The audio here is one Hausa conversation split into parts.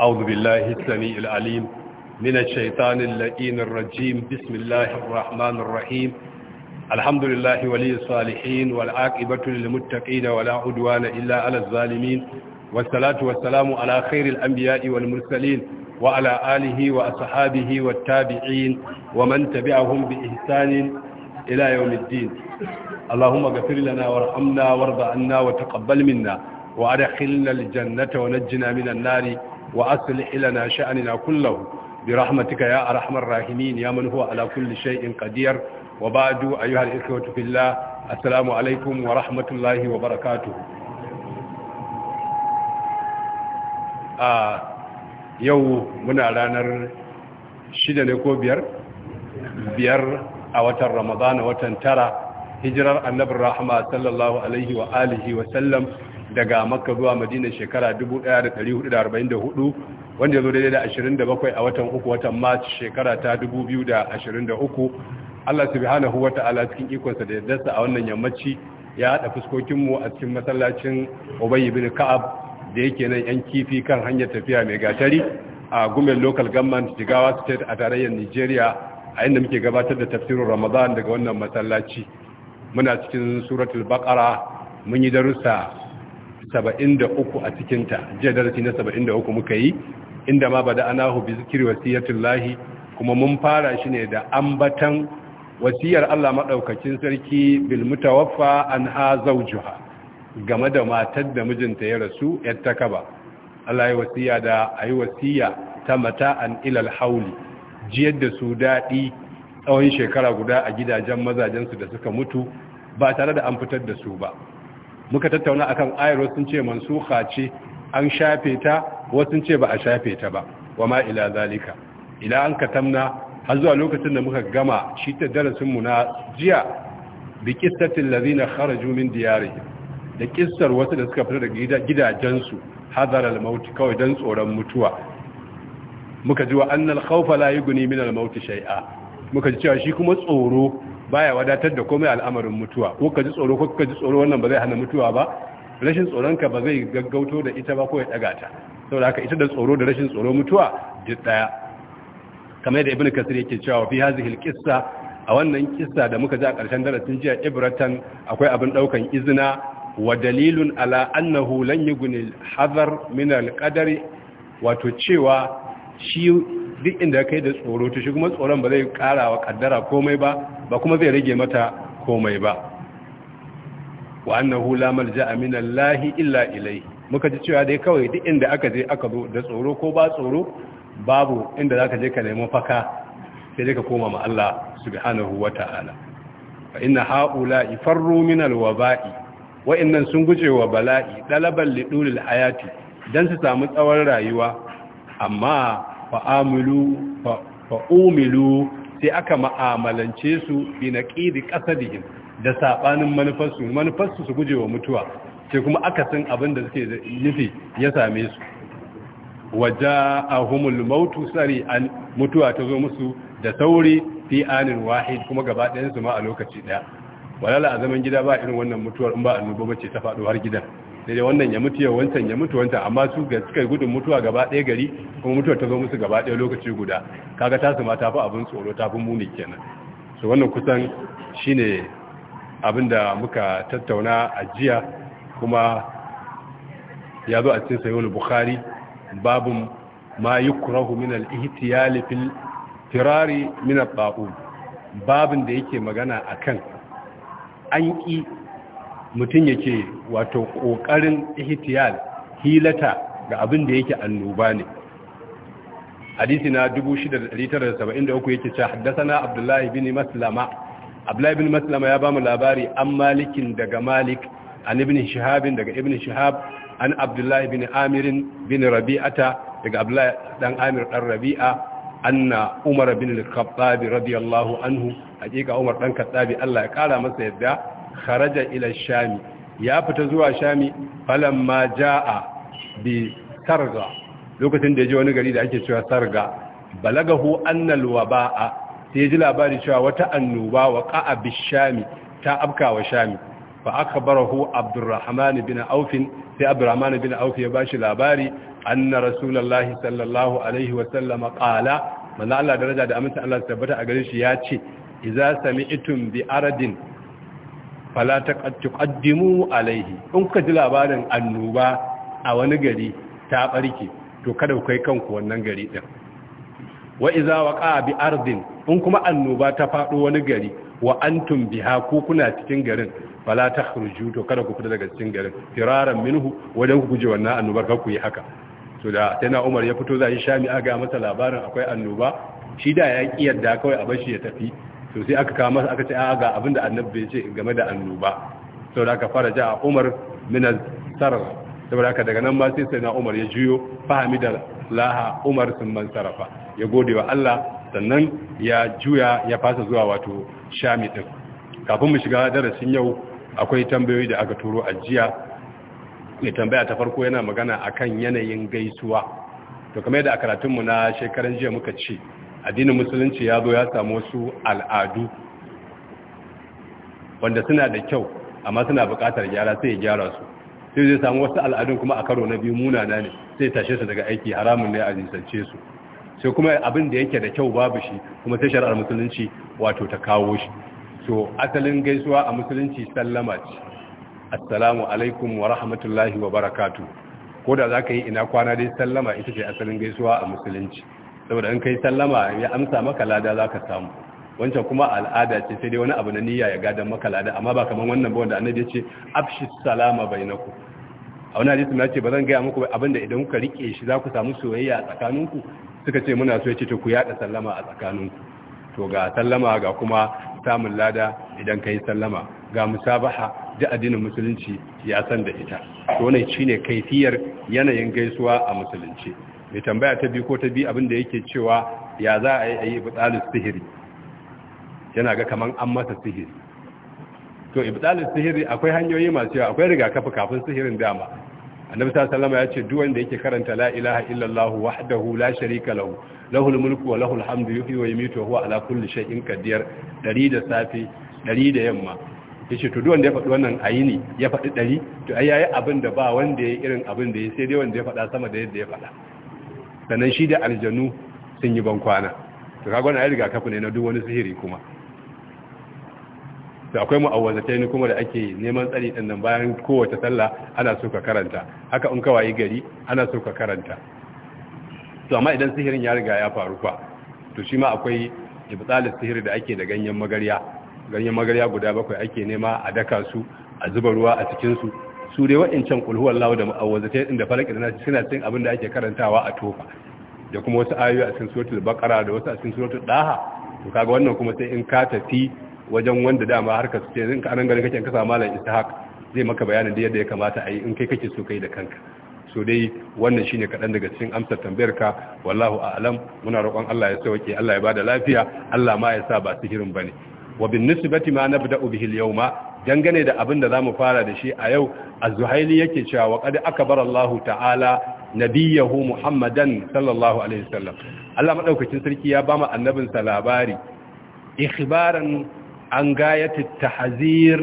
أعوذ بالله السميع العليم من الشيطان اللئين الرجيم بسم الله الرحمن الرحيم الحمد لله ولي الصالحين والعاقبة للمتقين ولا عدوان إلا على الظالمين والصلاة والسلام على خير الأنبياء والمرسلين وعلى آله وأصحابه والتابعين ومن تبعهم بإحسان إلى يوم الدين اللهم اغفر لنا وارحمنا وارض عنا وتقبل منا وأدخلنا الجنة ونجنا من النار وأصلح لنا شأننا كله برحمتك يا أرحم الراحمين يا من هو على كل شيء قدير وبعد أيها الإخوة في الله السلام عليكم ورحمة الله وبركاته آه yau muna ranar shida ne ko biyar a watan ramadana watan tara hijirar annabin rahama sallallahu alaihi wa wa sallam daga makka zuwa madina shekara 1444 wanda ya zo daidai da 27 a watan uku watan march shekara ta 2023 allah subhanahu wa ta'ala cikin ikonsa da yaddarsa a wannan yammaci ya haɗa fuskokinmu a cikin masallacin obayi bin ka'ab da yake nan yan kifi kan hanyar tafiya mai gatari a gumen local government jigawa state a tarayyar nigeria a inda muke gabatar da tafsirin ramadan daga wannan masallaci muna cikin suratul baqara mun yi darussa 73 a cikinta jiya darasi na 73 muka yi inda ma bada anahu bi zikri wasiyatullahi kuma mun fara shi ne da ambatan wasiyar Allah maɗaukacin sarki bil mutawaffa anha zawjuha game da matar da mijinta ya rasu yar takaba Allah ya wasiya da ayi wasiya ta mata an ilal hauli jiyar da su daɗi tsawon shekara guda a gidajen mazajen su da suka mutu ba tare da an fitar da su ba muka tattauna akan ayar wasu sun ce mansuha ce an shafe ta wasu sun ce ba a shafe ta ba wa ma ila zalika ila an katamna har zuwa lokacin da muka gama shi ta darasin mu na jiya bi qissatil ladina kharaju min diyarihim da kissar wasu da suka fita daga gidajensu hadar al-maut kawai dan tsoron mutuwa muka ji wa annal khawfa la yughni min al-maut shay'a muka ji cewa shi kuma tsoro baya wadatar da komai al'amarin mutuwa ko ka ji tsoro ko ka ji tsoro wannan ba zai hana mutuwa ba rashin tsoron ka ba zai gaggauto da ita ba ko ya daga ta saboda haka ita da tsoro da rashin tsoro mutuwa duk daya kamar yadda ibnu kasir yake cewa fi hadhihi alqissa a wannan kissa da muka ji a ƙarshen darasin jiya ibratan akwai abin daukan izina wa dalilun ala annahu lan yughni hadar min al wato cewa shi duk inda kai da tsoro ta shi kuma tsoron ba zai kara wa kaddara komai ba ba kuma zai rage mata komai ba wa annahu la malja'a min illa ilai muka ji cewa dai kawai duk inda aka je aka zo da tsoro ko ba tsoro babu inda zaka je ka nemi faka sai dai ka koma ma Allah subhanahu wata'ala fa inna haula ifarru min alwaba'i wa innan sun guje wa bala'i dalaban lidulil hayati dan su samu tsawon rayuwa amma fa'umilu sai aka ma'amalance su bi na ƙidi ƙasa da yin, da saɓanin manufarsu manufarsu su gujewa mutuwa sai kuma aka san abin da suke nufi ya same su Waje a humul mautu tsari an mutuwa ta zo musu da sauri fi anin wahid kuma gaba ɗayansu ma a lokaci ɗaya walala a zaman gida ba irin wannan mutuwar in ba annoba bace ta faɗo har gidan da da wannan ya mutu ya wancan ya mutu wancan amma su ga suka gudun mutuwa gaba ɗaya gari kuma mutuwa ta zo musu gaba ɗaya lokaci guda kaga ta su ma ta fi abin tsoro ta fi muni kenan so wannan kusan shine abin da muka tattauna a jiya kuma ya zo a cikin sayyul bukhari babun ma yukrahu min al-ihtiyal fil firari min al babin da yake magana akan an ƙi. mutum yake wato ƙoƙarin ihtiyal hilata ga abin da yake annoba ne hadisi na 6973 yake cewa na abdullahi bin maslama abdullahi bin maslama ya bamu labari an malikin daga malik an ibn shihab daga ibn shihab an abdullahi bin amir bin rabi'ata daga abdullahi dan amir dan rabi'a anna umar bin al-khattab radiyallahu anhu hakika umar dan khattabi Allah ya kara masa yadda kharaja ila shami ya fita zuwa shami falamma jaa bi sarga lokacin da ya je wani gari da ake cewa sarga balagahu annal waba'a sai ji labari cewa wata annoba wa qa'a bi shami ta afkawa wa shami fa akhbarahu abdurrahman bin auf sai abdurrahman bin auf ya bashi labari anna rasulullahi sallallahu alaihi wa sallam qala manzo Allah daraja da aminta Allah tabbata a gare shi ya ce idza sami'tum bi aradin fala ta taqaddimu alaihi in kuka ji labarin annoba a wani gari ta barke to kada ku kai kanku wannan gari din wa iza waqa bi ardin in kuma annoba ta fado wani gari wa antum biha ku kuna cikin garin fala takhruju to kada ku fita daga cikin garin firaran minhu wajen ku guje wannan annobar ka ku yi haka to da sai Umar ya fito zai shami aga masa labarin akwai annoba shi da ya yadda kawai a bashi ya tafi to sai aka kama masa aka ce a ga abinda annabi ya ce game da annoba saboda aka fara ja Umar min sarar saboda haka daga nan ma sai sai na Umar ya juyo da laha Umar sun man sarafa ya gode wa Allah sannan ya juya ya fasa zuwa wato Shami din kafin mu shiga darasin yau akwai tambayoyi da aka turo a jiya mai tambaya ta farko yana magana akan yanayin gaisuwa to kamar yadda a karatunmu na shekaran jiya muka ce addinin musulunci ya zo ya samu wasu al'adu wanda suna da kyau amma suna buƙatar gyara sai ya gyara su sai zai samu wasu al'adun kuma a karo na biyu munana ne sai tashe su daga aiki haramun ne a nisance su sai kuma abin da yake da kyau babu shi kuma sai shari'ar musulunci wato ta kawo shi so asalin gaisuwa a musulunci sallama ce assalamu alaikum wa rahmatullahi wa barakatuh ko da za ka yi ina kwana dai sallama ita ce asalin gaisuwa a musulunci saboda in kai sallama ya amsa maka lada za ka samu wancan kuma al'ada ce sai dai wani abu na niyya ya gadon maka lada amma ba kaman wannan ba wanda annabi ya ce afshi salama bainaku a wani hadisi na ce ba zan gaya muku da idan kuka rike shi za ku samu soyayya a tsakaninku suka ce muna so ya ce to ku yada sallama a tsakaninku to ga sallama ga kuma samun lada idan kai sallama ga musabaha da addinin musulunci ya san da ita to wannan shine kaifiyar yanayin gaisuwa a musulunci mai tambaya ta biyu ko ta biyu abinda yake cewa ya za a yi a yi ibtalus sihiri yana ga kamar an masa sihiri to ibtalus sihiri akwai hanyoyi masu yawa akwai rigakafi kafin sihirin dama annabi sallallahu ya ce duk wanda yake karanta la ilaha illallah wahdahu la sharika lahu lahul mulku wa lahul hamdu yuhyi wa yumiitu wa huwa ala kulli shay'in qadir dari da safi dari da yamma yace to duk wanda ya faɗi wannan ayini ya faɗi dari to ai abinda abin da ba wanda ya irin abin da ya sai dai wanda ya faɗa sama da yadda ya faɗa sannan shi da aljanu sun yi bankwana to kaga wannan riga kafin ne na duk wani sihiri kuma da akwai mu'awwazatai ne kuma da ake neman tsari ɗan nan bayan kowace sallah ana so ka karanta haka in ka gari ana so ka karanta to amma idan sihirin ya riga ya faru fa to shi ma akwai ibtalis sihiri da ake da ganyen magarya ganyen magarya guda bakwai ake nema a daka su a zuba ruwa a cikin su su dai waɗancan kulhuwar lawa da ma'awazata inda falakin na suna cin abin da ake karantawa a tofa da kuma wasu ayoyi a cikin suratul baqara da wasu a cikin suratul daha to kaga wannan kuma sai in ka tafi wajen wanda dama harka su ce in ka anan garin kake in ka samu malam istihaq zai maka bayanin da yadda ya kamata a yi in kai kake so kai da kanka so dai wannan shine kaɗan daga cikin amsar tambayar ka wallahu a'lam muna roƙon Allah ya sauke Allah ya bada lafiya Allah ma ya sa ba sihirin bane wa bin nisbati ma nabda'u bihi al-yawma dangane da abin da zamu fara da shi a yau a zuhaili yake cewa wa qad Allahu ta'ala nabiyahu Muhammadan sallallahu alaihi wasallam Allah madaukakin sarki ya ba mu annabin labari ikhbaran an gayatu tahzir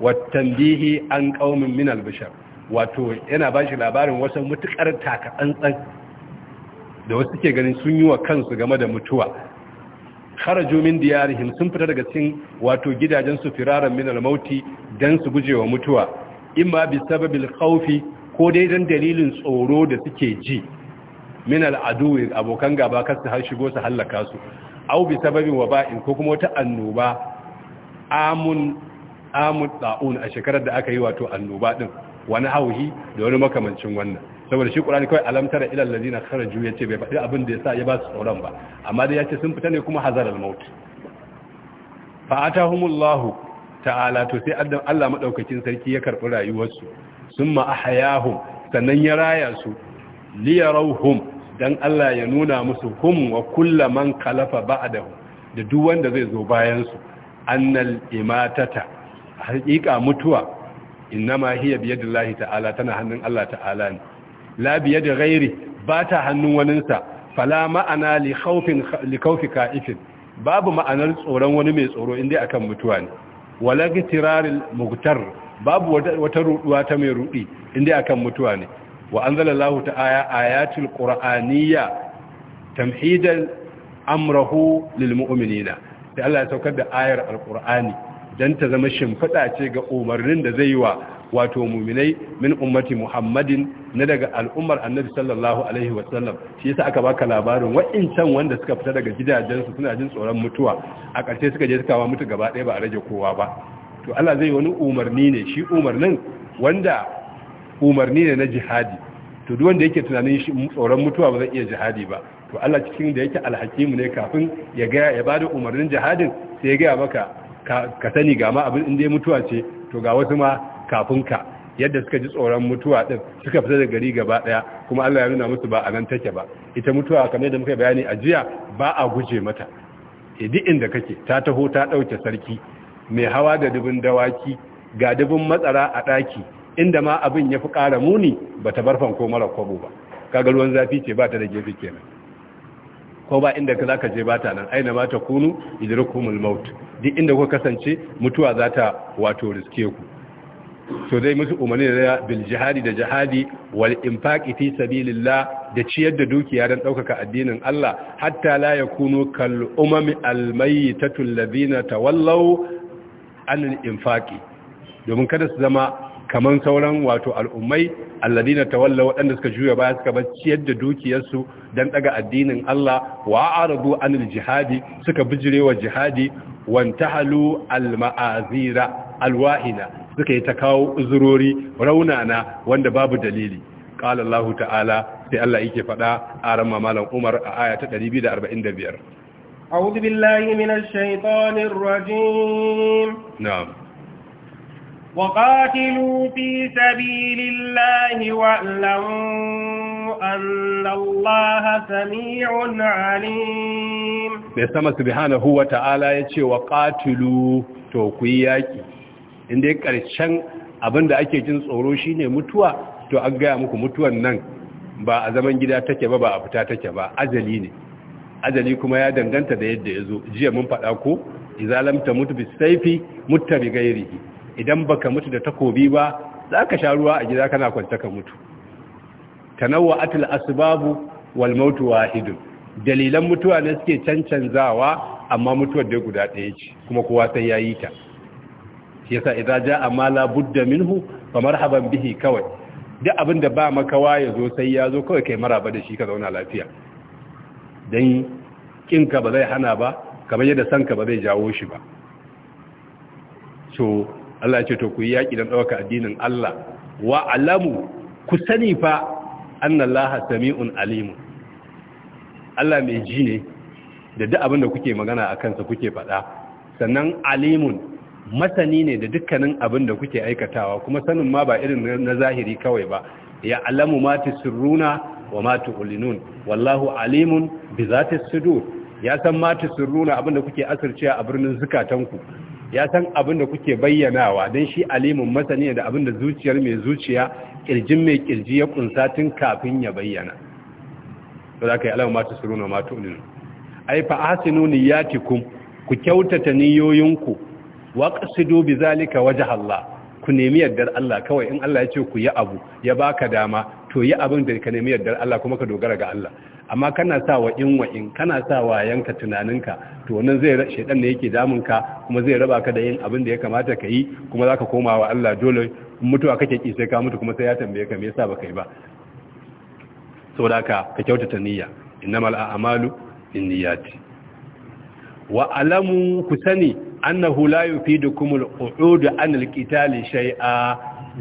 wa tanbihi an qaumin min al-bashar wato yana ba shi labarin wasu mutukar taka tsantsan da wasu suke ganin sun yi wa kansu game da mutuwa kharaju min diyarihim sun fita daga cikin wato gidajen su firaran min al-mauti dan su gujewa mutuwa imma bi sababil khawfi ko dai dan dalilin tsoro da suke ji min al-adu abokan gaba kar su har shigo su hallaka su aw bi sababin waba'in ko kuma wata annoba amun amun da'un a shekarar da aka yi wato annoba din wani hauhi da wani makamancin wannan saboda shi qur'ani kawai alamtara ilal ladina kharaju ce bai faɗi abin da sa ya ba su tsoron ba amma dai ce sun fita ne kuma hazaral maut fa humullahu ta'ala to sai Allah maɗaukacin sarki ya karɓi rayuwarsu Sun ahyahum sannan ya raya su hum dan Allah ya nuna musu hum wa kullu man khalafa ba'dahu da duk wanda zai zo bayan su annal imatata haƙiƙa mutuwa innama hiya biyadillahi ta'ala tana hannun Allah ta'ala ne la da gairi ba ta hannun waninsa fala ma'ana li kaufi ka'ifin babu ma'anar tsoron wani mai tsoro inda akan mutuwa ne wala gitirarin muktar babu wata ruduwa ta mai rudi inda akan mutuwa ne wa anzalallahu ta ayatul qur'aniyya tamhidan amrahu lil da Allah ya saukar da ayar alqur'ani dan ta zama shimfiɗa ce ga umarnin da zai yi wa wato muminai min ummati muhammadin na daga al'ummar annabi sallallahu alaihi wasallam shi yasa aka baka labarin wa'incan wanda suka fita daga gidajensu suna jin tsoron mutuwa a ƙarshe suka je suka wa mutu gaba ɗaya ba a rage kowa ba to Allah zai wani umarni ne shi umarnin wanda umarni ne na jihadi to duk wanda yake tunanin tsoron mutuwa ba zai iya jihadi ba to Allah cikin da yake alhakimu ne kafin ya ga ya bada umarnin jihadin sai ya ga maka ka sani ga ma abin inda mutuwa ce to ga wasu ma kafin ka yadda suka ji tsoron mutuwa din suka fita da gari gaba daya kuma Allah ya nuna musu ba a nan take ba ita mutuwa kamar da muka bayani a jiya ba a guje mata eh, duk inda kake ta taho ta ɗauke sarki mai hawa da dubin dawaki ga dubin matsara a ɗaki, inda ma abin ya fi ƙara muni ba ta barfan ko mara kwabo ba kaga ruwan zafi ce ba ta da gefe kenan ko ba inda ka zaka je ba ta nan aina ma ta kunu idrukumul maut duk inda ku kasance mutuwa za ta wato riske ku to zai musu umarni da bil jihadi da jihadi wal infaqi fi sabilillah da ciyar da dukiya dan ɗaukaka addinin Allah hatta la yakunu kal umami al mayitatu allazina tawallu an al infaqi domin kada su zama kaman sauran wato al'ummai alladina tawallu waɗanda suka juya baya suka bar ciyar da dukiyarsu dan ɗaga addinin Allah wa aradu al jihadi suka bijirewa jihadi wantahalu alma'azira alwahina suka yi ta kawo uzurori raunana wanda babu dalili qala Allah ta'ala sai Allah yake fada a ran malam Umar a aya ta 245 da بالله من الشيطان الرجيم نعم وقاتلوا في سبيل الله واعلموا أن الله سميع عليم بسم سبحانه وتعالى يتشي وقاتلوا توقياكي inda ya ƙarshen da ake jin tsoro shine mutuwa to an gaya muku mutuwan nan ba a zaman gida take ba ba a fita take ba ajali ne ajali kuma ya danganta da yadda ya zo jiya mun faɗa ko izalamta mutu bi saifi mutta bi gairihi idan baka mutu da takobi ba za ka sha ruwa a gida kana kwanta ka mutu atul asbabu wal maut wahidun dalilan mutuwa ne suke cancanzawa amma mutuwar da guda ɗaya ce kuma kowa sai yayi ta yasa idza ja ma la budda minhu fa marhaban bihi kawai duk abin da ba makawa ya zo sai ya zo kawai kai maraba da shi ka zauna lafiya dan kinka ba zai hana ba kamar yadda sanka ba zai jawo shi ba so Allah ya ce to ku yi yaki don ɗaukar addinin Allah wa alamu ku sani fa annallaha sami'un alimun Allah mai ji ne da duk abin kuke magana a kansa kuke faɗa sannan alimun masani ne da dukkanin abinda kuke aikatawa kuma sanin ma ba irin na zahiri kawai ba ya alamu ma sirruna wa ma tu'linun wallahu alimun bi zati sudur ya san ma surruna abin da kuke asirce a birnin zukatanku ya san abin da kuke bayyanawa don shi alimun masani da abin da zuciyar mai zuciya kirjin mai kirji ya ƙunsa tun kafin ya bayyana to za ka yi alama mata suru na mata ulinu ai fa asinu niyatikum ku kyautata niyoyinku wa qasidu bizalika wajha Allah ku nemi yardar Allah kawai in Allah ya ce ku yi abu ya baka dama to yi abin da ka nemi yardar Allah kuma ka dogara ga Allah amma kana sa wa in wa in kana sa wa yanka tunaninka to wannan zai rashe dan ne yake damun ka kuma zai raba ka da yin abin da ya kamata ka yi kuma zaka koma wa Allah dole mutuwa kake ki sai ka mutu kuma sai ya tambaye ka me yasa baka yi ba saboda ka kyautata niyya innamal a'malu binniyati wa alamu ku sani annahu la al qu'ud an alqitali shay'a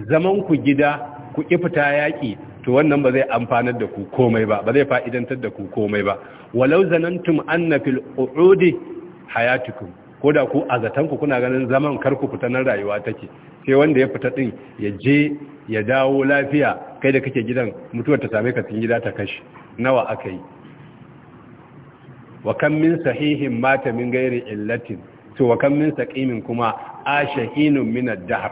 zaman ku gida ku kifta yaki to wannan ba zai amfanar da ku komai ba ba zai fa'idantar da ku komai ba walau zanantum anna fil qu'udi hayatukum ko ku a ku kuna ganin zaman kar ku fita nan rayuwa take sai wanda ya fita din ya je ya dawo lafiya kai da kake gidan mutuwar ta same ka cikin gida ta kashi nawa akai wa kam min sahihin mata min ghairi illatin to wa kan min saqimin kuma ashahinun min ad-dahr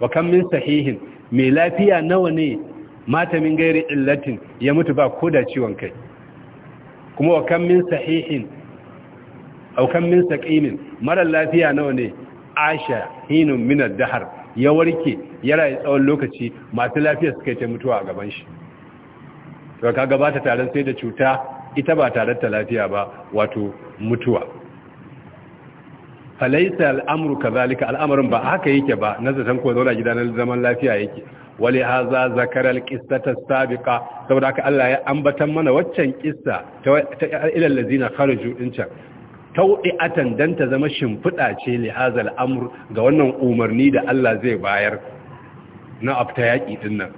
wa kan min sahihin me lafiya nawa ne mata min gairi illatin ya mutu ba koda ciwon kai kuma wa kan min sahihin aw kan min saqimin mara lafiya nawa ne ashahinun min ad-dahr ya warke ya rayu tsawon lokaci masu lafiya suka yi ta mutuwa a gaban shi to ka gabata taron sai da cuta ita ba tare ta lafiya ba wato mutuwa falaisa ka kazalika al'amarin ba haka yake ba na zaton ko zauna gida na zaman lafiya yake wale haza zakar ta sabika saboda haka Allah ya ambatan mana waccan kisa ta ilal lazina kharaju juɗincan can atan dan ta zama shimfiɗa ce li hazal al’amuru ga wannan umarni da Allah zai bayar na afta yaƙi din nan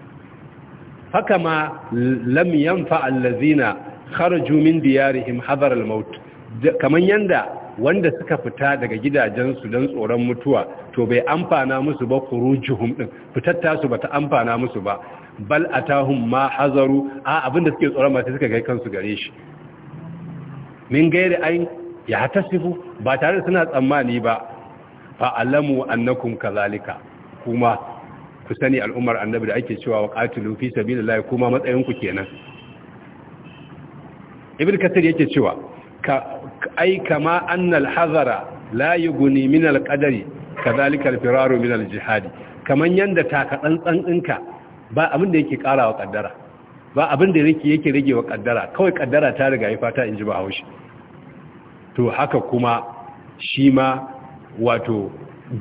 haka ma lam yanfa allazina kharaju min diyarihim hadar al-maut kaman yanda wanda suka fita daga gidajensu don tsoron mutuwa to bai amfana musu ba ɗin, din fitatta ba ta amfana musu ba bal atahum ma hazaru a abinda suke tsoron masu suka kai kansu gare shi min gairi ai ya hata sifu ba tare da suna tsammani ba fa alamu annakum kazalika kuma ku sani al'ummar annabi da ake cewa wa qatilu fi sabilillahi kuma matsayin ku kenan Ibn kathir yake cewa ai kama annal hazara la yuguni min al qadari kadhalika al min al jihadi kaman yanda taka tsantsan dinka ba abin da yake karawa kaddara ba abin da yake yake ragewa kaddara kawai kaddara ta riga yi fata inji bahaushe to haka kuma shi ma wato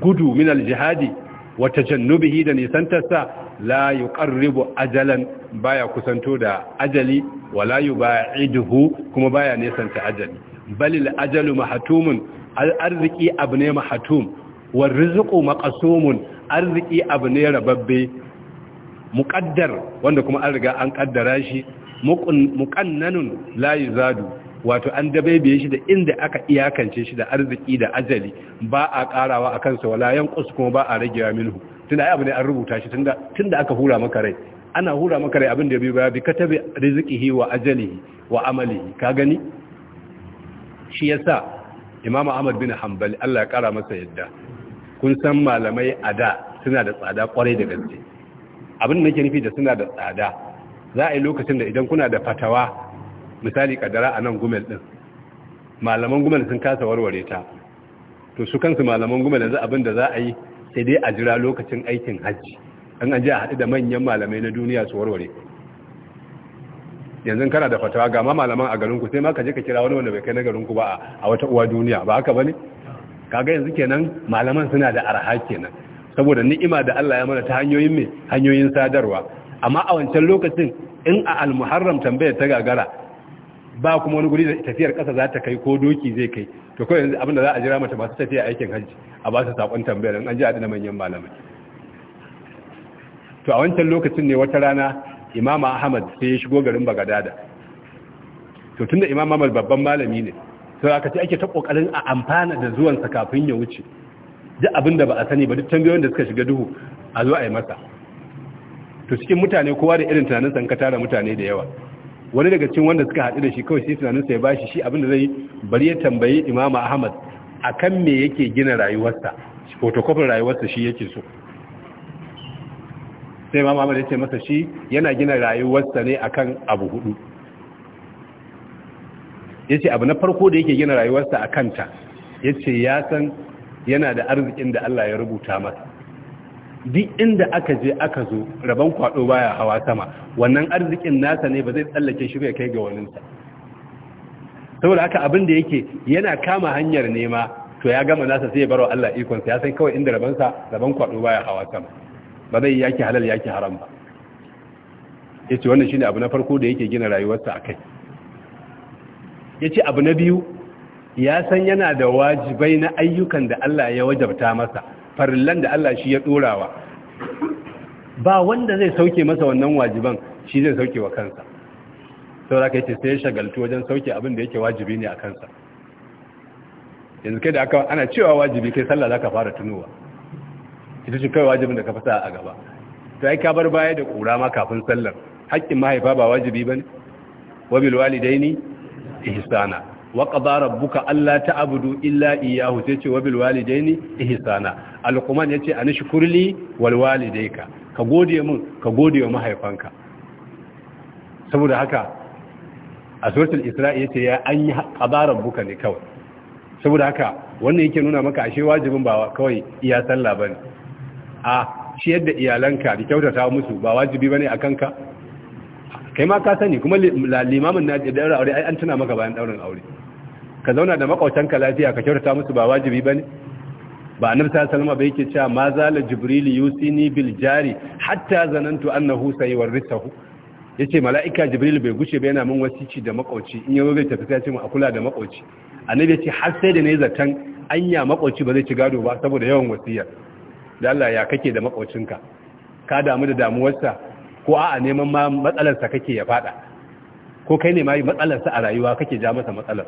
gudu min al wata wa tajannubihi da nisantarsa la yuqarribu ajalan baya kusanto da ajali wala yuba'iduhu kuma baya nisanta ajali balil ajalu mahatumun arziki abu ne mahatum wa rizqu maqsumun arziki abu ne rababbe muqaddar wanda kuma an riga an kaddara shi muqannanun la yuzadu wato an dabaibaye shi da inda aka iyakance shi da arziki da ajali ba a karawa a kansa wala yanqus kuma ba a rage ya minhu tunda ai abu ne an rubuta shi tunda tunda aka hura maka rai ana hura maka rai abin da bai ba bi katabi rizqihi wa ajalihi wa amalihi ka gani shi ya sa Imam Ahmad bin hambali Allah ya kara masa yadda kun san malamai a da suna da tsada kwarai da gaske abin da nake nufi da suna da tsada za a yi lokacin da idan kuna da fatawa misali kadara a nan gumel din malaman gumel sun kasa warware ta to su kansu malaman gumel yanzu abin da za a yi sai dai a jira lokacin aikin hajji an ji a haɗu da manyan malamai na duniya su warware yanzu kana da fatawa ga malaman a garinku sai ma ka je ka kira wani wanda bai kai na garinku ba a wata uwa duniya ba haka bane kaga yanzu kenan malaman suna da arha kenan saboda ni'ima da Allah ya mana ta hanyoyin me hanyoyin sadarwa amma a wancan lokacin in a al-muharram tambaya ta gagara ba kuma wani guri da tafiyar kasa za ta kai ko doki zai kai to kawai yanzu abinda za a jira mata masu tafiya aikin hajji a ba su sakon tambayar an ji a dina manyan malamai to a wancan lokacin ne wata rana imama ahmad sai ya shigo garin bagadada to tunda imama ahmad babban malami ne sai aka ce ake ta kokarin a amfana da zuwan sa kafin ya wuce duk abin da ba a sani ba duk tambayoyin da suka shiga duhu a zo a yi masa to cikin mutane kowa da irin tunanin sa ka tara mutane da yawa wani daga cikin wanda suka haɗu da shi kawai sai tunanin sa ya bashi shi abin da zai bari ya tambayi imama ahmad akan me yake gina rayuwarsa photocopy rayuwarsa shi yake so sai ma ya ce masa shi yana gina rayuwarsa ne akan abu hudu ya ce abu na farko da yake gina rayuwarsa a kanta ya ce ya san yana da arzikin da Allah ya rubuta masa duk inda aka je aka zo rabon kwado baya hawa sama wannan arzikin nasa ne ba zai tsallake shi ya kai ga waninsa saboda haka abin da yake yana kama hanyar nema to ya gama nasa sai ya barwa Allah ikonsa ya san kawai inda sa rabon kwado baya hawa sama ba zai yaki halal yaki haram ba Ya ce wannan ne abu na farko da yake gina rayuwarsa a kai. Ya yace abu na biyu ya san yana da wajibai na ayyukan da Allah ya wajabta masa farillan da Allah shi ya dorawa ba wanda zai sauke masa wannan wajiban shi zai sauke wa kansa saboda kai ce sai ya shagaltu wajen sauke abin da yake wajibi ne a kansa yanzu kai da aka ana cewa wajibi kai sallah za ka fara tunowa ita ce kawai wajibin da ka fasa a gaba to ai ka bar baya da kura ma kafin sallar haƙƙin mahaifa ba wajibi ba ne wa bil ne ihisana wa qada rabbuka ta abudu illa iyyahu sai ce wa bil ya ce a yace anishkurli wal walidayka ka Ka gode mun ka gode wa mahaifanka saboda haka a suratul isra'i ce ya an yi qada rabbuka ne kawai saboda haka wannan yake nuna maka ashe wajibin ba kawai iya sallah ba ne. a ciyar da iyalanka da kyautata musu ba wajibi bane a ka kai ma ka sani kuma limamin na da daura aure ai an tuna maka bayan daurin aure ka zauna da makautanka lafiya ka kyautata musu ba wajibi bane ba annabi sallallahu alaihi wasallam bai yake cewa ma zala jibril yusini bil jari hatta zanantu annahu sayawrisahu yace mala'ika jibril bai gushe ba yana min wasici da makauci in yazo zai tafi sai ce mu kula da makauci annabi yace har sai da ne zatan anya makauci ba zai ci gado ba saboda yawan wasiyar da Allah ya kake da makwacinka ka damu da damuwarsa ko a neman ma matsalarsa kake ya fada ko kai ne ma matsalarsa a rayuwa kake ja masa matsalar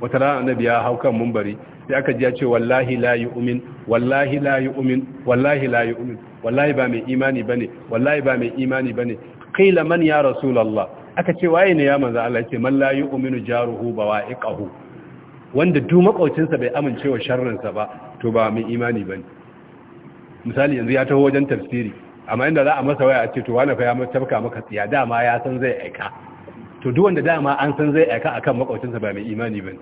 wata rana annabi ya hau mumbari sai aka ji ya ce wallahi la yu'min wallahi la yu'min wallahi la yu'min wallahi ba mai imani bane wallahi ba mai imani bane qila man ya rasulullah aka ce waye ne ya manzo Allah ce man la yu'minu jaruhu bawa'iqahu wanda duk makaucinsa bai amince wa sharrinsa ba to ba mai imani ne. misali yanzu ya taho wajen tafsiri amma inda za a masa waya a ce to wani fa ya tabka maka tsiya dama ya san zai aika to duk wanda dama an san zai aika akan makaucinsa ba mai imani bane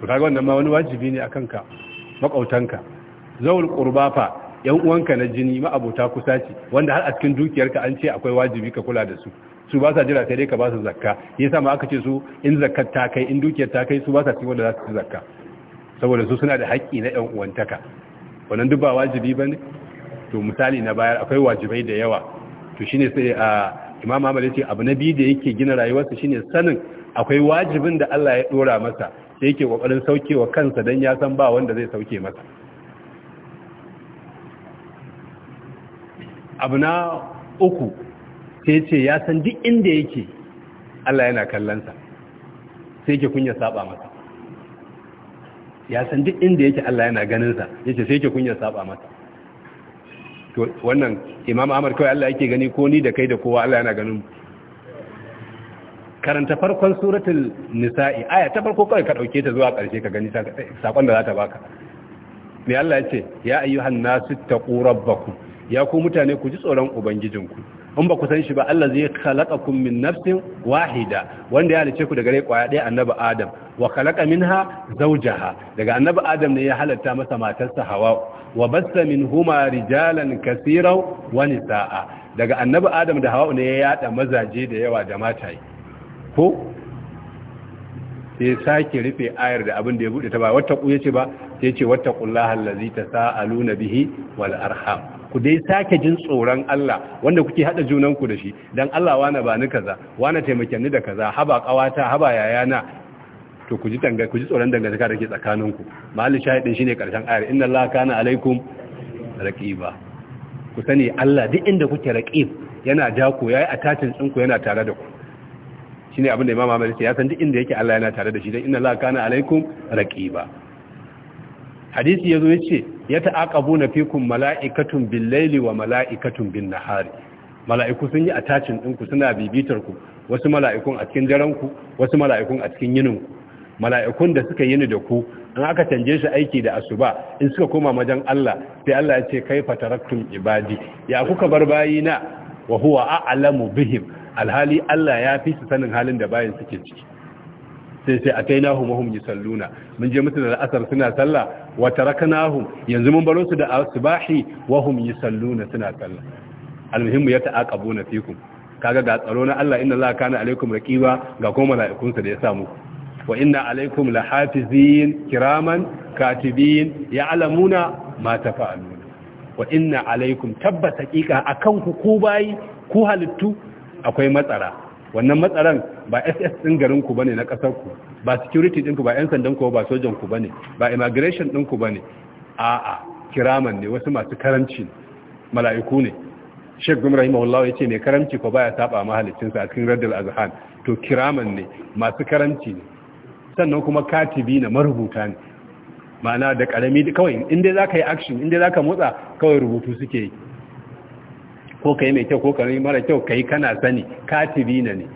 to kaga wannan ma wani wajibi ne akan ka makautanka zawul qurba fa yan uwanka na jini ma abota kusa ce wanda har a cikin dukiyarka an ce akwai wajibi ka kula da su su ba sa jira sai dai ka ba su zakka ya sa ma aka ce su in zakkar ta kai in dukiyar ta kai su ba sa cewa da za su ci zakka saboda su suna da haƙƙi na ɗan uwantaka wannan duk ba wajibi ba ne? to misali na bayar akwai wajibai da yawa to shine sai a Imam Ahmad yace abu na biyu da yake gina rayuwarsa shine sanin akwai wajibin da Allah ya dora masa sai yake kokarin saukewa kansa dan ya san ba wanda zai sauke masa abu na uku sai ce ya san duk inda yake Allah yana kallonsa sai ke kunya saba masa ya san duk inda yake Allah yana ganinsa ya ce sai ke kunya saba masa to wannan imam amar kawai Allah yake gani ko ni da kai da kowa Allah yana ganin karanta farkon suratul nisa'i aya ta farko kawai ka dauke ta zuwa karshe ka gani sakon da za ta baka me Allah ya ce ya ayyuhan nasu taqu rabbakum ya ku mutane ku ji tsoron ubangijinku in ba ku san shi ba Allah zai khalaqakum min nafsin wahida wanda ya halice ku daga rai kwaya ɗaya annabi Adam wa khalaqa minha zawjaha daga annabi Adam ne ya halatta masa matarsa Hawa wa bassa minhuma rijalan kaseeran wa nisaa daga annabi Adam da Hawa ne ya yada mazaje da yawa da mata ko sai sake rufe ayar da abin da ya bude ta ba wata ku yace ba sai yace wata qullaha allazi tasaaluna bihi wal arham ku dai sake jin tsoron Allah wanda kuke hada junan ku da shi dan Allah wana ba ni kaza wana taimake ni da kaza haba kawata haba yayana to ku ji tanga ku ji tsoron dangantaka da ke tsakaninku mahallin shahidin shine karshen ayar inna allaha kana alaikum raqiba ku sani Allah duk inda kuke raqib yana ja ku yayi attachin din ku yana tare da ku shine abin da imama malik ya san duk inda yake Allah yana tare da shi dan inna allaha kana alaikum raqiba hadisi yazo yace ya na fikum mala'ikatun bil-laili wa mala'ikatun bin-nahari mala'iku sun yi a tacin ɗinku suna bibitar ku wasu mala'ikun a cikin jaranku, wasu mala'ikun a cikin yininku. mala'ikun da suka yi ni da ku in aka canje shi aiki da asuba in suka koma majan Allah sai Allah ya ce kai fataraktun ibadi ya kuka bar bayina wa huwa a'lamu bihim alhali Allah ya fi su sanin halin da bayin suke ciki sai sai atainahum wa hum salluna. mun je musu da la'asar suna sallah wa nahu yanzu mun baro su da asbahi wa hum salluna suna sallah almuhimmu na fikum kaga ga tsaro na Allah inna Allah kana alaikum raqiba ga kuma mala'ikunsa da ya sa muku wa inna alaikum lahafizin kiraman katibin ya'lamuna ma tafa'alun wa inna alaikum tabbata hakika akan ku ku bayi ku halittu akwai matsara wannan matsaran ba ss din garin ku bane na kasar ku ba security din ku ba yan sandan ku ba sojan ku bane ba immigration din ku bane a'a kiraman ne wasu masu karamci mala'iku ne Sheikh Gum rahimahullah yace mai karamci ko baya saba mahalicin sa cikin Raddul Azhan to kiraman ne masu karamci ne sannan kuma katibi na marubuta ne ma'ana da karami kawai inda zaka yi action inda zaka motsa kawai rubutu suke yi ko ka yi mai kyau ko ka yi mara kyau ka yi kana sani katibi na ne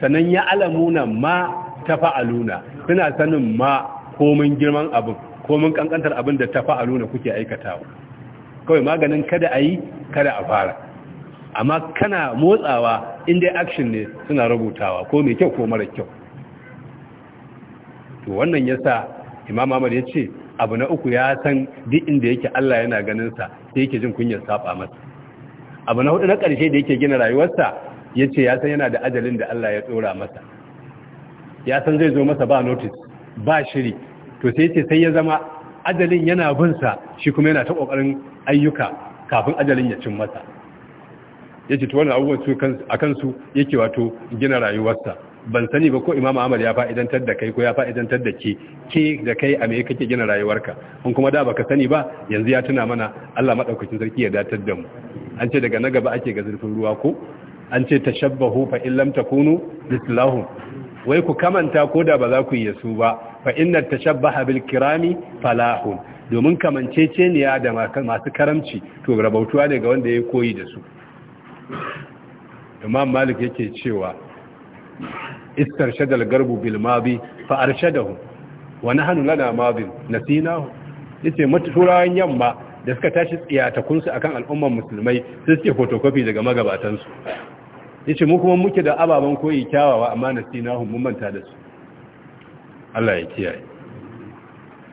sannan ya alamuna ma ta fa'aluna suna sanin ma komin girman abin komin kankantar abin da ta fa'aluna kuke aikatawa kawai maganin kada a yi kada a fara amma kana motsawa inda action ne suna rubutawa ko mai kyau ko mara kyau to wannan ya sa imam Ahmad ya ce abu na uku ya san duk inda yake Allah yana ganin sa sai yake jin kunyar saba masa abu na hudu na ƙarshe da yake gina rayuwarsa ya ce ya san yana da ajalin da Allah ya tsora masa ya san zai zo masa ba notice ba shiri to sai ce sai ya zama ajalin yana binsa shi kuma yana ta ƙoƙarin ayyuka kafin ajalin ya cin masa ya ce tuwanin abubuwan su a kansu yake wato gina rayuwarsa ban sani ba ko imam amal ya fa'idantar da kai ko ya fa'idantar da ke ke da kai a me kake gina rayuwarka in kuma da baka sani ba yanzu ya tuna mana Allah maɗaukacin sarki ya datar da mu an ce daga na gaba ake ga zurfin ruwa ko an ce tashabbahu fa in lam takunu mislahum wai ku kamanta ko da ba za ku yi su ba fa inna tashabbaha bil kirami falahum domin kamanceceniya da masu karamci to rabautuwa ne ga wanda ya koyi da su imam malik yake cewa istarshadal shagal garbu bil madi fa arshadahu wa nahnu lana madin nasinahu yace muturawan yamma da suka tashi tsiyatakunsu akan al'ummar musulmai sai suke photocopy daga magabatansu yace mu kuma muke da ababen koyi kyawawa amma nasinahu mun manta da su Allah ya kiyaye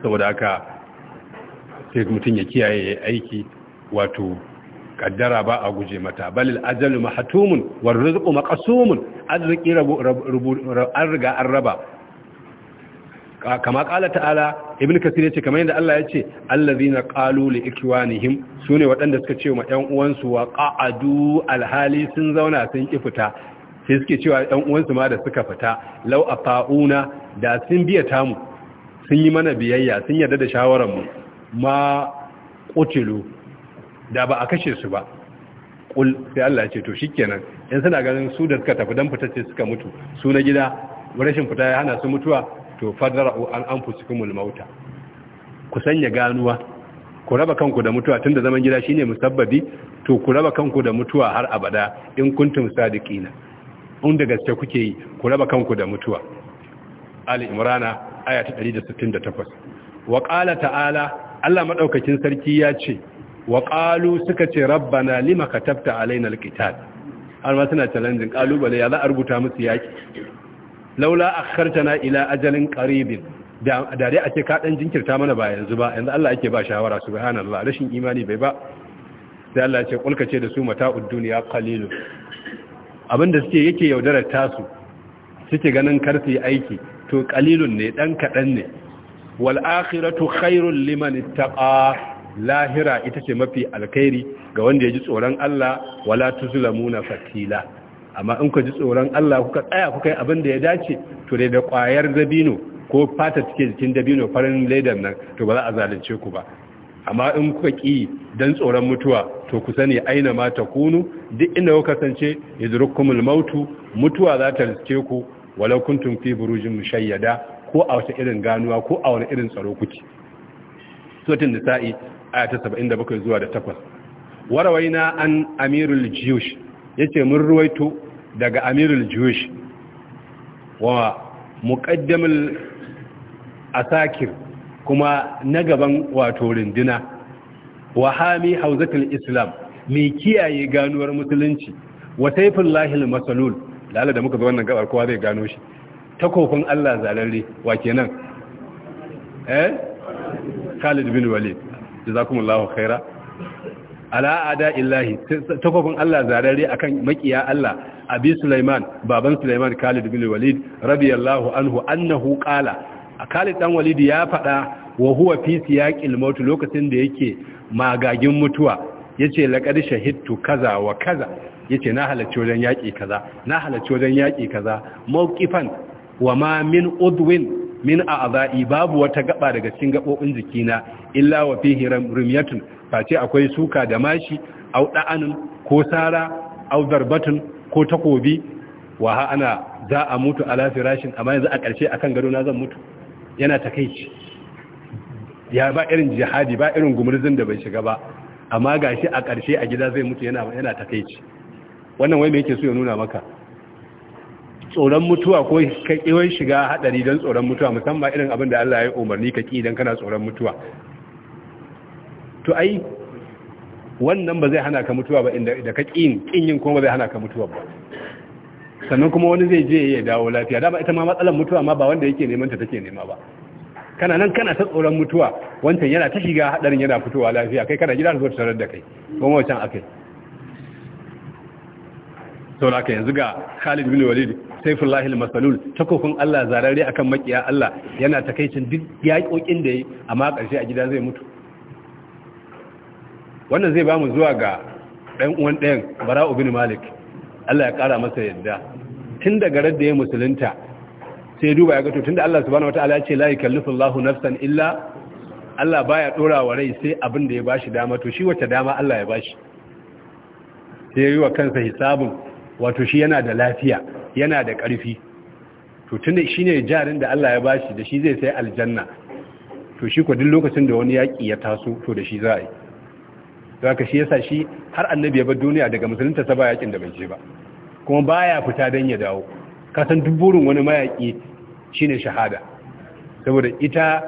saboda haka sai mutum ya kiyaye aiki wato kaddara ba a guje mata balil ajalu mahtumun war rizqu maqsumun arziki rabu an riga an raba kama qala ta'ala ibn kasir yace kamar yadda Allah yace allazina qalu li ikwanihim sune waɗanda suka ce ma ƴan uwansu wa qa'adu alhali sun zauna sun ki fita sai suke cewa ƴan uwansu ma da suka fita law afauna da sun biya tamu sun yi mana biyayya sun yarda da shawaran mu ma qutilu da ba a kashe su ba kul sai Allah yace ce to shikenan in suna ganin su da suka tafi dan fita sai suka mutu su na gida rashin fita ya hana su mutuwa to fadara'u an anfusikumul mauta ku sanya ganuwa ku raba kanku da mutuwa tunda zaman gida shine musabbabi to ku raba kanku da mutuwa har abada in kuntum sadiqina in da gaske kuke yi ku raba kanku da mutuwa ali imrana aya ta 168 wa qala ta'ala Allah madaukakin sarki ya ce wa qalu suka ce rabbana lima katabta alaina alqital har ma suna challenging kalubale ya za a rubuta musu yaki laula akhartana ila ajalin qaribin da dai a ce ka dan jinkirta mana ba yanzu ba yanzu Allah yake ba shawara subhanallah rashin imani bai ba sai Allah ya ce kulka da su mata'ud dunya qalil abinda suke yake yaudarar tasu suke ganin karfi aiki to qalilun ne dan kadan ne wal akhiratu khairul liman ittaqa lahira ita ce mafi alkhairi ga wanda ya ji tsoron Allah wala tuzlamuna fatila amma in ku ji tsoron Allah kuka tsaya kuka yi abin da ya dace to dai da ƙwayar dabino ko fata take cikin dabino farin ledan nan to ba za a zalunce ku ba amma in kuka ƙi dan tsoron mutuwa to ku sani aina ma ta kunu duk inda kuka kasance yadrukumul mautu mutuwa za ta riske ku walau kuntum fi burujin mushayyada ko a wata irin ganuwa ko a wani irin tsaro kuke sotin nisa'i aya 77 zuwa da 8 warawaina an amirul jiyush Ya ce mun ruwaito daga amirul juwish wa muƙaddamin asakir kuma na gaban wato rindina wa hami hauzatul islam mai kiyaye ganuwar musulunci wa taifin lahil masalul lalata da muka zo wannan gabar kowa zai gano shi takofin Allah zararre wa kenan eh Khalid bin Walid jazakumullahu khaira ala ada illahi takobin Allah zarare akan makiya Allah abi Sulaiman baban Sulaiman Khalid bin Walid radiyallahu anhu annahu qala Khalid dan Walid ya fada wa huwa fi siyaqil maut lokacin da yake magagin mutuwa yace laqad shahidtu kaza wa kaza yace na halarci wajen yaki kaza na halarci wajen yaki kaza mawqifan wa ma min udwin min a'dha'i babu wata gaba daga cikin gabobin jikina illa wa fihi rumyatun face akwai suka da mashi au da'anun ko sara au zarbatun ko takobi wa ha ana za a mutu ala firashin amma yanzu a ƙarshe akan gado na zan mutu yana takeici ya ba irin jihadi ba irin gumurzin da bai shiga ba amma gashi a ƙarshe a gida zai mutu yana yana takeici wannan wai me yake so ya nuna maka tsoron mutuwa ko kakewar shiga hadari don tsoron mutuwa musamman irin abin da Allah ya umarni ka ki idan kana tsoron mutuwa to ai wannan ba zai hana ka mutuwa ba inda da ka kin kin yin kuma ba zai hana ka mutuwa ba sannan kuma wani zai je ya dawo lafiya dama ita ma matsalar mutuwa ma ba wanda yake neman ta take nema ba kana nan kana ta tsoron mutuwa wancan yana ta shiga hadarin yana fitowa lafiya kai kana gida ka zo tarar da kai kuma wancan akai saboda yanzu ga Khalid bin Walid Saifullah al-Masalul takofin Allah zarare akan makiya Allah yana takaicin duk yaƙoƙin da yi amma ƙarshe a gida zai mutu wannan zai bamu zuwa ga ɗan uwan ɗayan Bara'u bin Malik Allah ya ƙara masa yadda tun daga radda ya musulunta sai duba ya gato tunda Allah subhanahu wataala ya ce la Allahu nafsan illa Allah baya dora wa rai sai abin da ya bashi dama to shi wacce dama Allah ya bashi sai yi wa kansa hisabin wato shi yana da lafiya yana da ƙarfi to tun shi ne jarin da Allah ya ba bashi da shi zai sai aljanna to shi ko duk lokacin da wani yaƙi ya taso to da shi za a yi zaka shi yasa shi har annabi ya bar duniya daga musulunta ta ba yakin da bai je ba kuma baya fita dan ya dawo ka san duk burin wani mayaki shine shahada saboda ita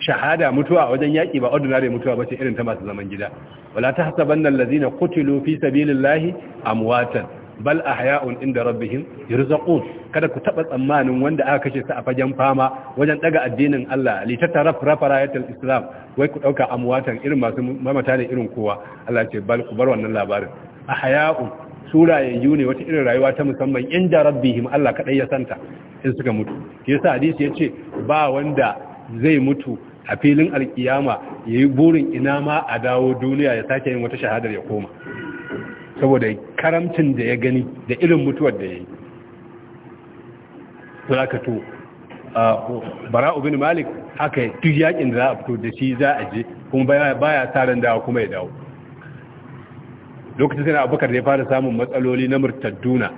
shahada mutuwa a wajen yaki ba ordinary mutuwa ba ce irin ta masu zaman gida wala ta nan lazina, qutilu fi sabilillahi amwatan bal ahya'un inda rabbihim yurzaqun kada ku taba tsammanin wanda aka kashe su a fagen fama wajen daga addinin Allah li tatarafrafa islam wai ku dauka amwatan irin masu mamata ne irin kowa Allah ce bal ku bar wannan labarin ahya'un surayayyu ne wata irin rayuwa ta musamman inda rabbihim Allah kadai ya santa in suka mutu ke yasa hadisi yace ba wanda zai mutu a filin alkiyama yayi burin ina ma a dawo duniya ya sake yin wata shahadar ya koma saboda karamcin da ya gani da irin mutuwar da ya yi to bara'u bin malik haka duk yakin da za a fito da shi za a je kuma baya tsarin dawa kuma ya dawo lokacin da abubakar ya fara samun matsaloli na murtadduna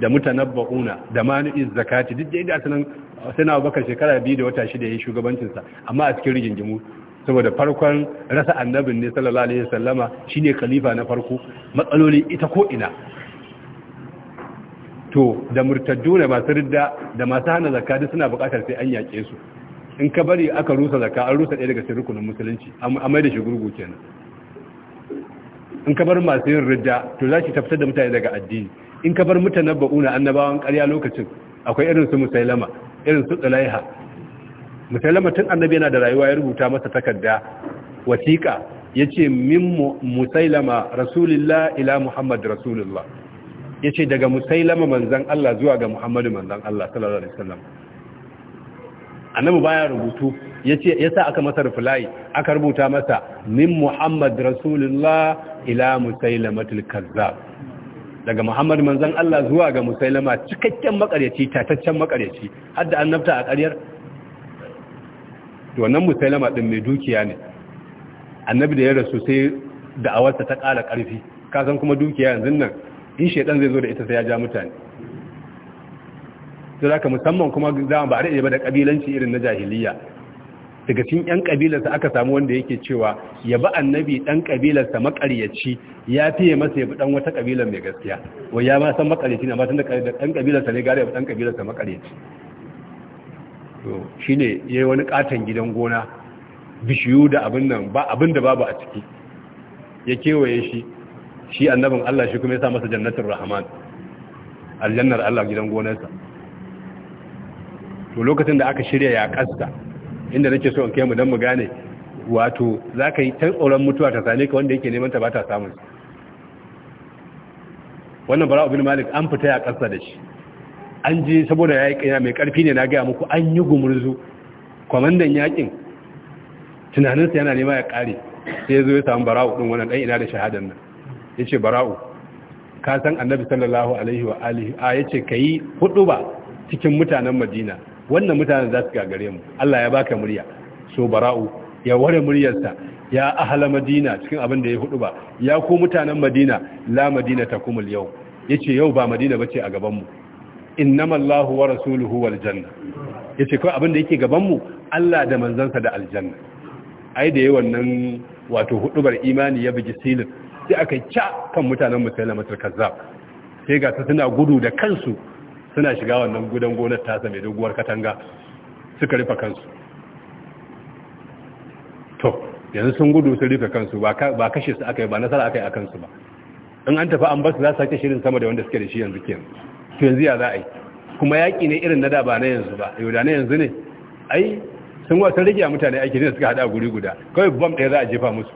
da mutanen ba'una da manu'in zakati duk da yadda suna abubakar shekara biyu da wata shida ya yi shugabancinsa amma a cikin rigingimu saboda farkon rasa annabin ne sallallahu alaihi wasallama shine khalifa na farko matsaloli ita ko ina to da murtaddu da masu ridda da masu hana zakka duk suna buƙatar sai an yaƙe su in ka bari aka rusa zakka an rusa ɗaya daga cikin rukunin musulunci a mai da shi gurgu kenan in ka bar masu yin ridda to za ki tafsir da mutane daga addini in ka bar mutanen ba'una annabawan ƙarya lokacin akwai irin su musailama irin su tsalaiha musalama tun annabi yana da rayuwa ya rubuta masa takarda wasiƙa yace min musailama rasulillah ila muhammad rasulullah yace daga musailama manzan Allah zuwa ga muhammadu manzan Allah sallallahu alaihi wasallam annabi baya rubutu yace yasa aka masa reply aka rubuta masa min muhammad Rasulillah ila musailamatul kazzab daga Muhammad manzon Allah zuwa ga Musailama cikakken makaryaci tataccen makaryaci hadda da annabta a ƙaryar to wannan musailama din mai dukiya ne annabi da ya rasu sai da da'awarsa ta ƙara ƙarfi ka san kuma dukiya yanzu nan in shedan zai zo da ita sai ya ja mutane sai zaka musamman kuma za ba a ba da kabilanci irin na jahiliya daga cikin yan kabilarsa aka samu wanda yake cewa ya ba annabi ɗan ƙabilarsa makaryaci ya fiye masa ya bi dan wata kabilar mai gaskiya wai ya ma san makaryaci ne amma tun da dan ne gare ya bi dan kabilarsa makaryaci to ya yi wani katon gidan gona bishiyu da abin nan da babu a ciki ya kewaye shi shi annabin Allah shi kuma ya sa masa jannatin rahman aljannar Allah gidan gonarsa to lokacin da aka shirya ya kasta inda nake so in kai mu dan mu gane wato zaka yi tsoron mutuwa ta sane ka wanda yake neman ta ba ta samu wannan bara'u bin malik an fita ya kasta da shi an je saboda yaƙi mai ƙarfi ne na gaya muku an yi gumurzu kwamandan yaƙin tunaninsa yana nema ya ƙare sai zo ya samu bara'u ɗin wannan ɗan ina da shahadar nan ya ce bara'u ka san annabi sallallahu alaihi wa alihi a ya ce ka yi hudu ba cikin mutanen madina wannan mutanen za su gagare mu allah ya baka murya so bara'u ya ware muryarsa ya ahala madina cikin abin da ya hudu ba ya ku mutanen madina la madina ta kumul yau ya ce yau ba madina ba ce a gabanmu innamallahu wa rasuluhu wal janna yace kai abin da yake gaban mu Allah da manzansa da aljanna ai da yayin wannan wato hudubar imani ya biji silin sai aka ca kan mutanen musulmatul kazzab sai ga su suna gudu da kansu suna shiga wannan gudan gonar tasa mai doguwar katanga suka rufe kansu to yanzu sun gudu sun rufe kansu ba kashe su aka yi ba nasara aka yi a kansu ba in an tafi an su za su sake shirin sama da wanda suke da shi yanzu kenan to yanzu ya za a yi kuma yaƙi ne irin na da ba na yanzu ba yau da na yanzu ne ai sun wata rigiya mutane ake ne suka haɗa guri guda kawai bom ɗaya za a jefa musu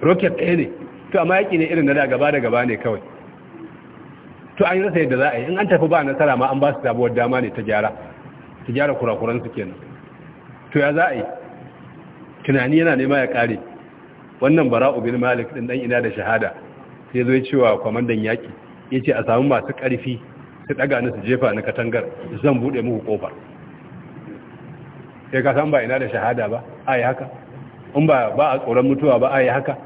Roket ɗaya ne to amma yaƙi ne irin na da gaba da gaba ne kawai to an yi rasa yadda za a yi in an tafi ba nasara ma an ba su sabuwar dama ne ta gyara ta gyara su kenan to ya za a yi tunani yana nema ya kare wannan bara'u bin malik din dan ina da shahada sai zai cewa kwamandan yaƙi. ya ce a samu masu ƙarfi su ɗaga ni su jefa ni katangar zan buɗe muku ƙofar sai ka san ba ina da shahada ba a yi haka in ba ba a tsoron mutuwa ba a yi haka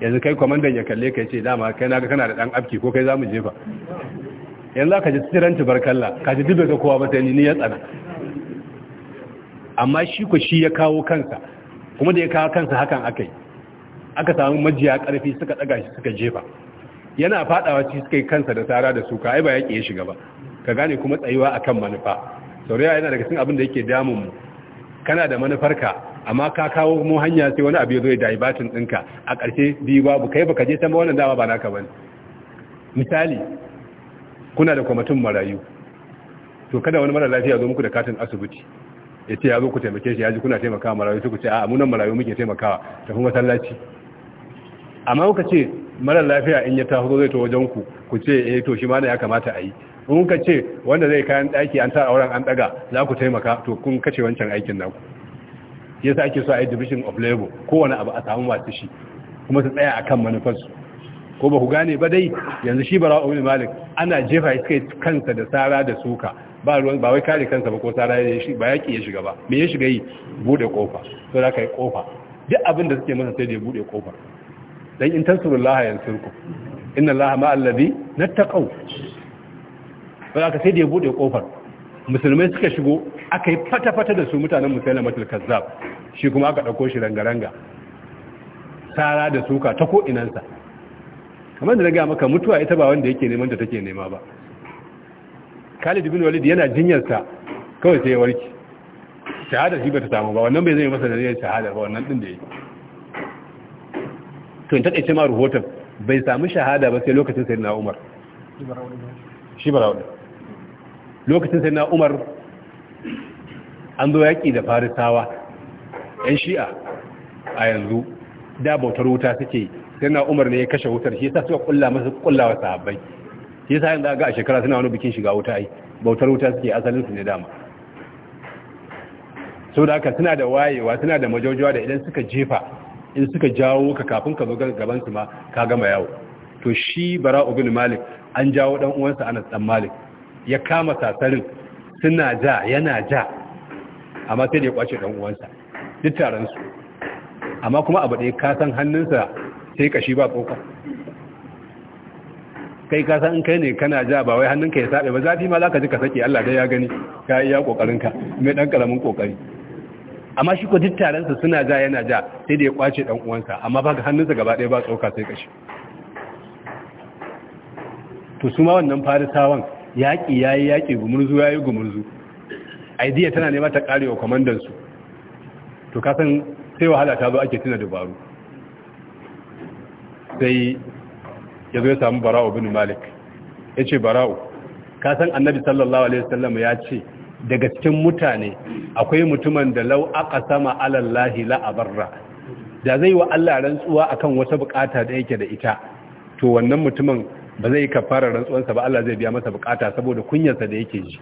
yanzu kai kwamandan ya kalle kai ce dama kai naga kana da ɗan afki ko kai za mu jefa yanzu ka ji tiranci barkalla ka ji dubbe ga kowa ba sai ni ya tsana amma shi ku shi ya kawo kansa kuma da ya kawo kansa hakan aka yi aka samu majiya ƙarfi suka ɗaga shi suka jefa yana fadawa ci suka yi kansa da tsara da suka ai ba yaƙi ya shiga ba ka gane kuma tsayuwa akan manufa sauraya yana daga cikin abin da yake damun mu kana da manufarka amma ka kawo mu hanya sai wani abu ya zo ya daibatin dinka a ƙarshe biyu babu kai baka je can wannan dama ba naka bane misali kuna da kwamitin marayu to kada wani mara lafiya zo muku da katin asibiti ya ce ya zo ku taimake shi ya ji kuna taimakawa marayu sai ku ce a'a mu nan marayu muke taimakawa tafi masallaci amma kuka ce mara lafiya in ya taho zai to wajen ku ku ce eh to shi ma ne ya kamata a yi in ka ce wanda zai kayan daki an tara auren an daga za ku taimaka to kun kace wancan aikin naku yasa ake so a yi division of labor kowane abu a samu masu shi kuma su tsaya akan manufar su. ko ba ku gane ba dai yanzu shi bara ibn malik ana jefa shi kansa da sara da suka ba ruwan ba wai kare kansa ba ko sara ya shi ba yaki ya shiga ba me ya shiga yi bude kofa to za ka yi kofa duk abin da suke masa sai da ya bude kofa dan in ya yansurku inna allaha ma allazi nattaqaw ba aka sai da ya bude kofar musulmai suka shigo aka yi fata-fata da su mutanen matul kazzab shi kuma aka dauko shi rangaranga Tara da suka ta ko inansa kamar da na ga maka mutuwa ita ba wanda yake neman ta take nema ba Khalid bin Walid yana jinyar sa kawai sai ya warke shahada shi ba ta samu ba wannan bai zai masa da shahada ba wannan din da yake to in taɗaice ma rahoton bai samu shahada ba sai lokacin sai na umar shi barawuɗin lokacin sai na umar an zo yaƙi da farisawa 'yan shi'a a yanzu da bautar wuta suke sai na umar ne ya kashe wutar shi sa suka kulla masa kullawa sahabbai shi sa yanzu ga a shekara suna wani bikin shiga wuta ai bautar wuta suke asalin su ne dama sau da haka suna da wayewa suna da majaujawa da idan suka jefa in suka jawo ka kafin ka zo gaban su ma ka gama yawo to shi bara ubin malik an jawo dan uwansa anas dan malik ya kama sasarin suna ja yana ja amma sai da ya kwace dan uwansa duk taron su amma kuma abu da ya kasan hannunsa sai ka shi ba kokon kai kasan in kai ne kana ja ba wai hannunka ya sabe ba zafi ma zaka ji ka sake Allah dai ya gani ka yi ya kokarin ka mai dan karamin kokari amma shi ko duk taransa suna ja yana ja sai da ya kwace dan uwansa amma ba ga hannunsa gaba ɗaya ba tsoka sai kashi to su ma wannan farisawan yaƙi yayi yaƙi gumurzu yayi gumurzu idea tana nema ta karewa kwamandan su to kasan sai wahala ta zo ake tuna dabaru sai ya zo ya samu bara'u bin malik ya ce bara'u kasan annabi sallallahu alaihi wasallam ya ce daga cikin mutane akwai mutumin da lau aka sama alallahi la'abarra da zai wa Allah rantsuwa akan wata bukata da yake da ita to wannan mutumin ba zai kafara rantsuwansa ba Allah zai biya masa bukata saboda kunyarsa da yake ji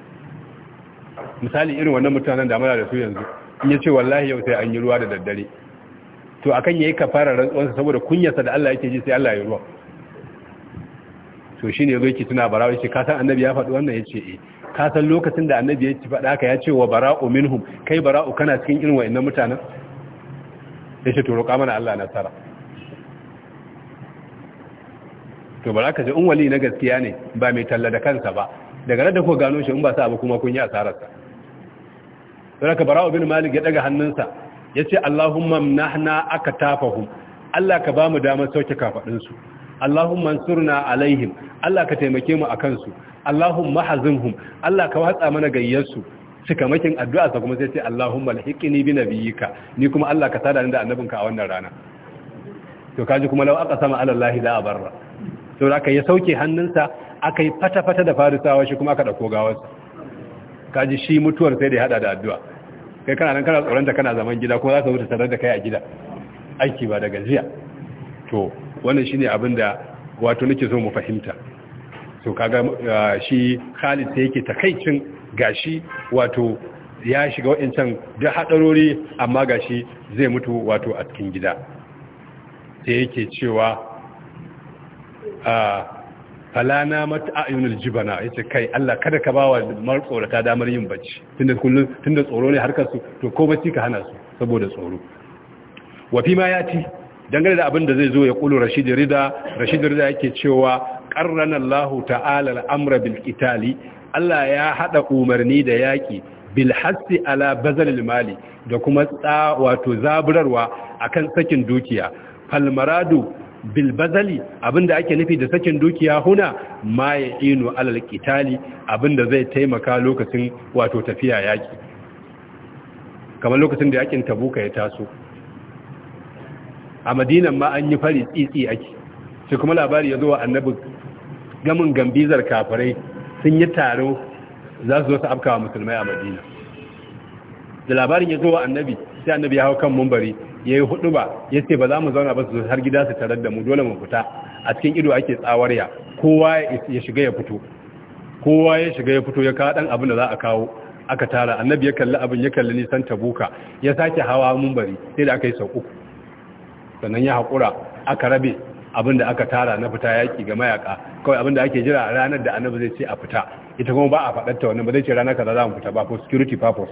misali irin wannan mutanen da muna da su yanzu in ya ce wallahi yau sai an yi ruwa da daddare to akan yayi kafara rantsuwansa saboda kunyarsa da Allah yake ji sai Allah ya ruwa to shine yazo yake tuna barawa yake ka san annabi ya faɗi wannan yace eh ka san lokacin da annabi ya ci faɗa ka ya ce wa bara'u minhum kai bara'u kana cikin irin wayannan mutanen ya ce to roƙa mana Allah tsara. to ba ka ji in wali na gaskiya ne ba mai talla da kansa ba daga da ko gano shi in ba sa abu kuma kun yi sa sai ka bara'u bin malik ya daga hannunsa ya ce Allahumma mnahna aka tafahum Allah ka bamu damar sauke su Allahumma ansurna alaihim Allah ka taimake mu akan su Allahumma hazinhum Allah ka watsa mana gayyarsu cikamakin addu'a sa kuma sai ce Allahumma alhiqni bi nabiyyika ni kuma Allah ka sada ni da annabinka a wannan rana to kaji kuma law aka sama ala Allah a barra to aka ya sauke hannunsa aka yi fata fata da farisawa shi kuma aka dauko gawarsa kaji shi mutuwar sai da ya hada da addu'a kai kana nan kana tsoron ta kana zaman gida kuma za ka wuce sanar da kai a gida aiki ba da gajiya to wannan shine abin da wato nake so mu fahimta to kaga shi Khalid sai yake takaicin gashi wato ya shiga wa'incan da hadarori amma gashi zai mutu wato a cikin gida sai yake cewa a falana mata ayunul jibana yace kai Allah kada ka bawa martsorata damar yin bacci tunda kullun tunda tsoro ne harkar su to ko bacci ka hana su saboda tsoro wa fi ma yati dangane da abin da zai zo ya kulu Rashid Rida Rashid Rida yake cewa qarrana Allah ta'ala al-amra bil qitali Allah ya haɗa umarni da yaƙi bil ala bazalil mali da kuma tsa wato zaburarwa akan sakin dukiya Falmaradu bilbazali, bil bazali abinda ake nufi da sakin dukiya huna ma ya inu alal qitali abinda zai taimaka lokacin wato tafiya yaki kamar lokacin da yakin tabuka ya taso a madinan ma an yi fari tsitsi ake sai kuma labari ya zo wa annabi gamin gambizar kafirai sun yi taro za su zo su afkawa musulmai a madina da labarin ya zo wa annabi sai annabi ya hau kan mumbari ya yi hudu ba ya ce ba za mu zauna ba su har gida su tarar da mu dole mu fita a cikin ido ake tsawarya kowa ya shiga ya fito kowa ya shiga ya fito ya kawo dan abin da za a kawo aka tara annabi ya kalli abin ya kalli nisan tabuka ya sake hawa mumbari sai da aka yi sau uku sannan ya haƙura aka rabe abin da aka tara na fita yaki ga mayaka kawai abin da ake jira ranar da annabi zai ce a fita ita kuma ba a faɗar ta wannan ba zai ce ranar kaza za mu fita ba for security purpose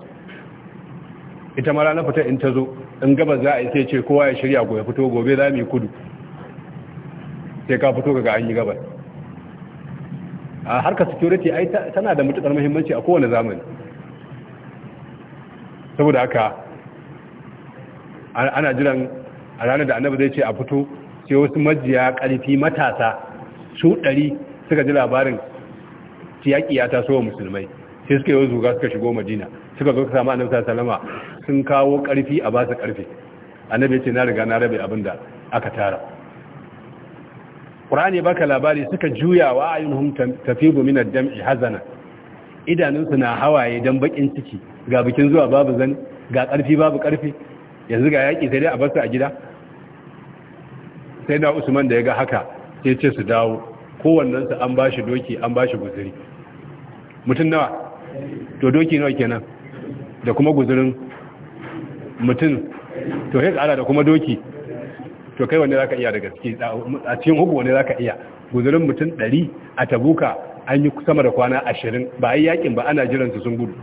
ita ma ranar fita in ta zo in gabas za a yi sai ce kowa ya shirya gobe fito gobe za mu yi kudu sai ka fito ga an yi gabas a harkar security ai tana da mutukar muhimmanci a kowane zamani saboda haka ana jiran a ranar da annabi zai ce a fito sai wasu majiya ƙarfi matasa su ɗari suka ji labarin yaƙi ya taso wa musulmai sai suka yi zuga suka shigo madina suka zo sami annabi salama sun kawo ƙarfi a ba su ƙarfi annabi bai ce na riga na rabe abin da aka tara Ƙur'ani baka labari suka juya wa ayyunhum tafidu min dam dami hazana idanunsu na hawaye don bakin ciki ga bikin zuwa babu zani ga ƙarfi babu ƙarfi yanzu ga yaƙi sai dai a basu a gida sai na usman da ya ga haka ya ce su dawo kowannensu an ba shi doki an ba shi guziri mutum nawa to doki nawa kenan da kuma guzirin mutum to ya tsara da kuma doki to kai wanda za ka iya daga gaske a cikin hukun wanda za ka iya guzurin mutum dari a tabuka an yi sama da kwana ashirin ba a yi yakin ba ana jiransu sun gudu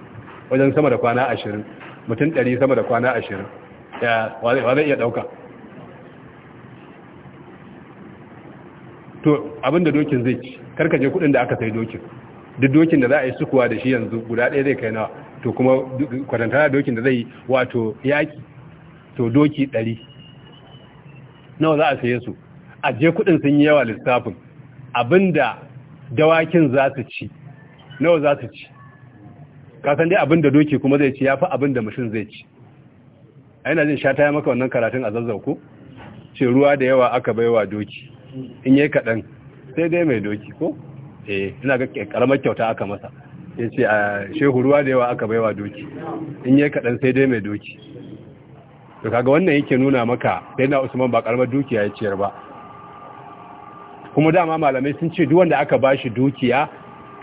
wajen sama da kwana ashirin mutum dari sama da kwana ashirin wa zai iya ɗauka to abin da dokin zai ci karka je kudin da aka sai dokin duk dokin da za a yi sukuwa da shi yanzu guda ɗaya zai kai nawa to kuma kwatanta da dokin da zai yi wato yaki to doki ɗari nawa za a saye su a je kudin sun yi yawa lissafin abinda dawakin za su ci nawa za su ci kasan dai abinda doki kuma zai ci ya fi abinda mashin zai ci a yana jin sha ta maka wannan karatun a zazzauku ce ruwa da yawa aka baiwa doki in yi kaɗan sai dai mai doki ko eh ina ga karamar kyauta aka masa ya ce a shehu ruwa da yawa aka baiwa doki in yi kaɗan sai dai mai doki to kaga wannan yake nuna maka sai na usman ba karamar dukiya ya ciyar ba kuma dama malamai sun ce duk wanda aka bashi dukiya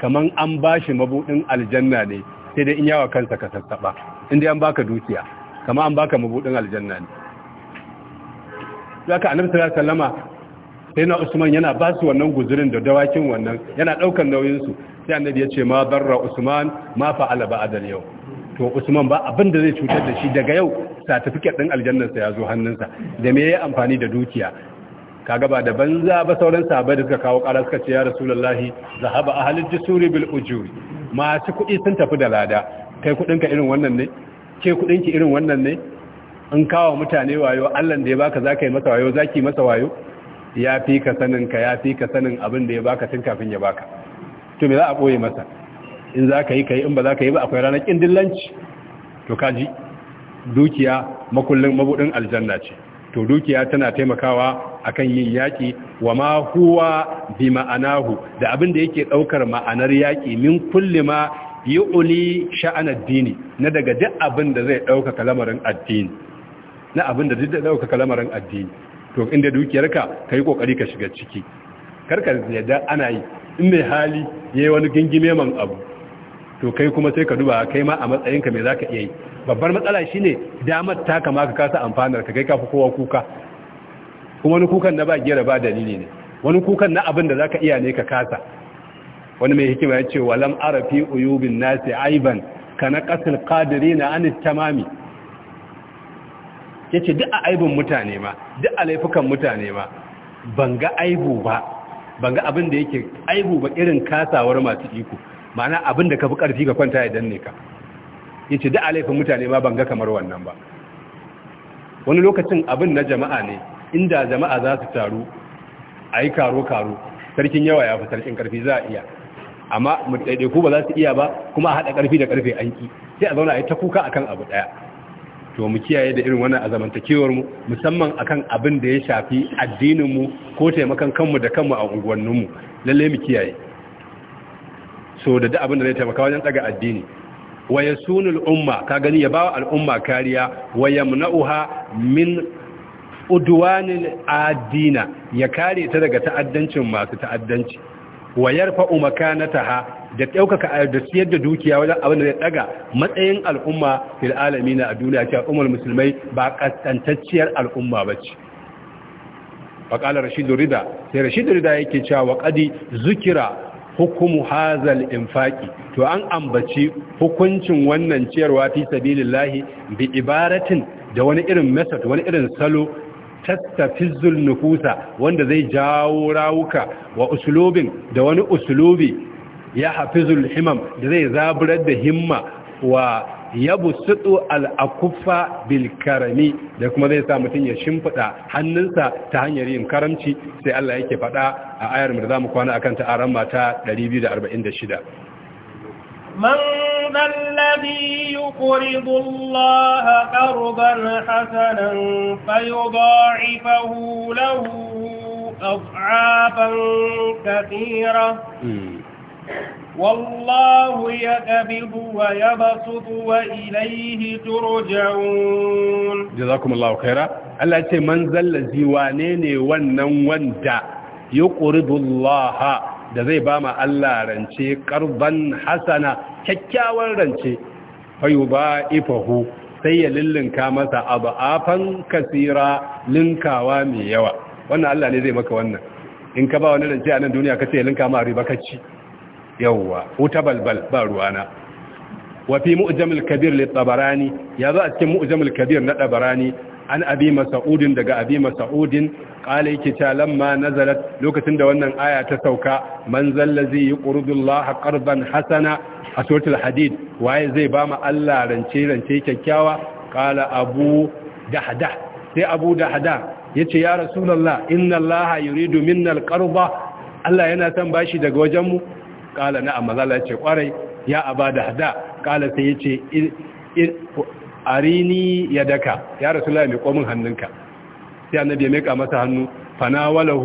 kaman an bashi mabudin aljanna ne sai dai in yawa kansa ka sassaba in dai an baka dukiya kama an baka mabudin aljanna ne zaka annabi sallallahu alaihi wasallama sai na usman yana ba su wannan guzurin da dawakin wannan yana ɗaukan nauyinsu sai annabi ya ce ma barra usman ma fa'ala ba yau to usman ba abin da zai cutar da shi daga yau satifiket ɗin sa ya zo hannunsa da me ya amfani da dukiya kaga ba da banza ba sauran sahabbai da suka kawo kara suka ce ya rasulullahi zahaba ahli jisuri bil ujuri masu kuɗi sun tafi da lada kai irin wannan ne ke kuɗinki irin wannan ne in kawo mutane wayo Allah da ya baka zaka yi masa wayo zaki masa wayo ya fi ka sanin ka ya fi ka sanin abin da ya baka tun kafin ya baka to me za a boye masa in za ka yi ka in ba za ka yi ba akwai ranar ƙindillanci to kaji dukiya makullin mabudin aljanna ce to dukiya tana taimakawa akan yin yaƙi wa ma huwa bi ma'anahu da abin da yake ɗaukar ma'anar yaƙi min kulli ma yu'li sha'an addini na daga duk abin da zai addini na abin da zai ɗaukaka lamarin addini to inda dukiyarka ka yi kokari ka shiga ciki karka yadda ana yi in mai hali yayi wani gingime man abu to kai kuma sai ka duba kai ma a matsayinka mai za ka iya yi babbar matsala shi ne damar ta kama ka kasa amfanar ka kai fi kowa kuka kuma wani kukan na ba gera ba dalili ne wani kukan na abin da za ka iya ne ka kasa wani mai hikima ya ce walam arafi uyubin nasi aiban ka na qadirina kadiri na anis tamami yace duk a aibin mutane ma duk a laifukan mutane ma ban ga aibu ba ban ga abin da yake aibu ba irin kasawar masu iko ma'ana abin da ka fi ƙarfi ka kwanta idan ne ka yace duk a laifin mutane ma ban ga kamar wannan ba wani lokacin abin na jama'a ne inda jama'a za su taru a yi karo-karo sarkin yawa ya fi sarkin ƙarfi za a iya amma mu ku ba za su iya ba kuma a haɗa karfi da ƙarfe an ƙi sai a zauna a yi ta kuka akan abu ɗaya to mu kiyaye da irin wannan azamantakewar mu musamman akan abin da ya shafi addinin mu ko taimakan kanmu da kanmu a unguwannin mu lalle mu kiyaye so da duk abin da zai taimaka wajen daga addini wa yasunul umma ka gani ya bawa al'umma kariya wa yamna'uha min udwanil adina ya kare ta daga ta'addancin masu ta'addanci wa yarfa'u makanataha da ɗaukaka da siyar da dukiya wajen abin da zai ɗaga matsayin al'umma fil na a duniya ce al'ummar musulmai ba ƙasantacciyar al'umma ba ce faƙala rashidu rida sai rashidu rida yake cewa wa ƙadi zukira hukumu hazal infaki to an ambaci hukuncin wannan ciyarwa fi sabilillahi bi ibaratin da wani irin method wani irin salo tattafizul nufusa wanda zai jawo rawuka wa usulobin da wani usulobi. ya hafizul himam da zai zaburar da himma wa yabu sutu al'akufa bilkarami da kuma zai sa mutum ya shimfiɗa hannunsa ta hanyar yin karamci sai Allah yake faɗa a ayar da za mu kwana akan ta aran mata 246 من ذا الذي يقرض الله قرضا حسنا فيضاعفه له أضعافا كثيرة والله يقبض ويبسط وإليه ترجعون جزاكم الله خيرا الله يتي من الذي وانيني ونن وندا يقرض الله da zai ba ma Allah rance karban hasana kyakkyawan rance fayu ba ifahu sai ya lillinka masa abu afan kasira linkawa mai yawa wannan Allah ne zai maka wannan in ka ba wani rance a nan duniya ka ce ya linka ma riba ci. yawwa wuta balbal ba ruwana wa mu'jamul kabir li ya zo a cikin mu'jamul kabir na tabarani an abi mas'udin daga abi masa'udin qala yake ta lamma nazalat lokacin da wannan aya ta sauka man zallazi yuqridullah qardan hasana a suratul hadid waye zai ba mu Allah rance rance kyakkyawa qala abu dahda sai abu dahda yace ya rasulullah inna allaha yuridu minna alqarda Allah yana son bashi daga wajenmu kala na amazala ce kwarai ya abada hada kala sai ya ce arini ya daka ya rasulullah mai komin hannunka sai annabi ya mika masa hannu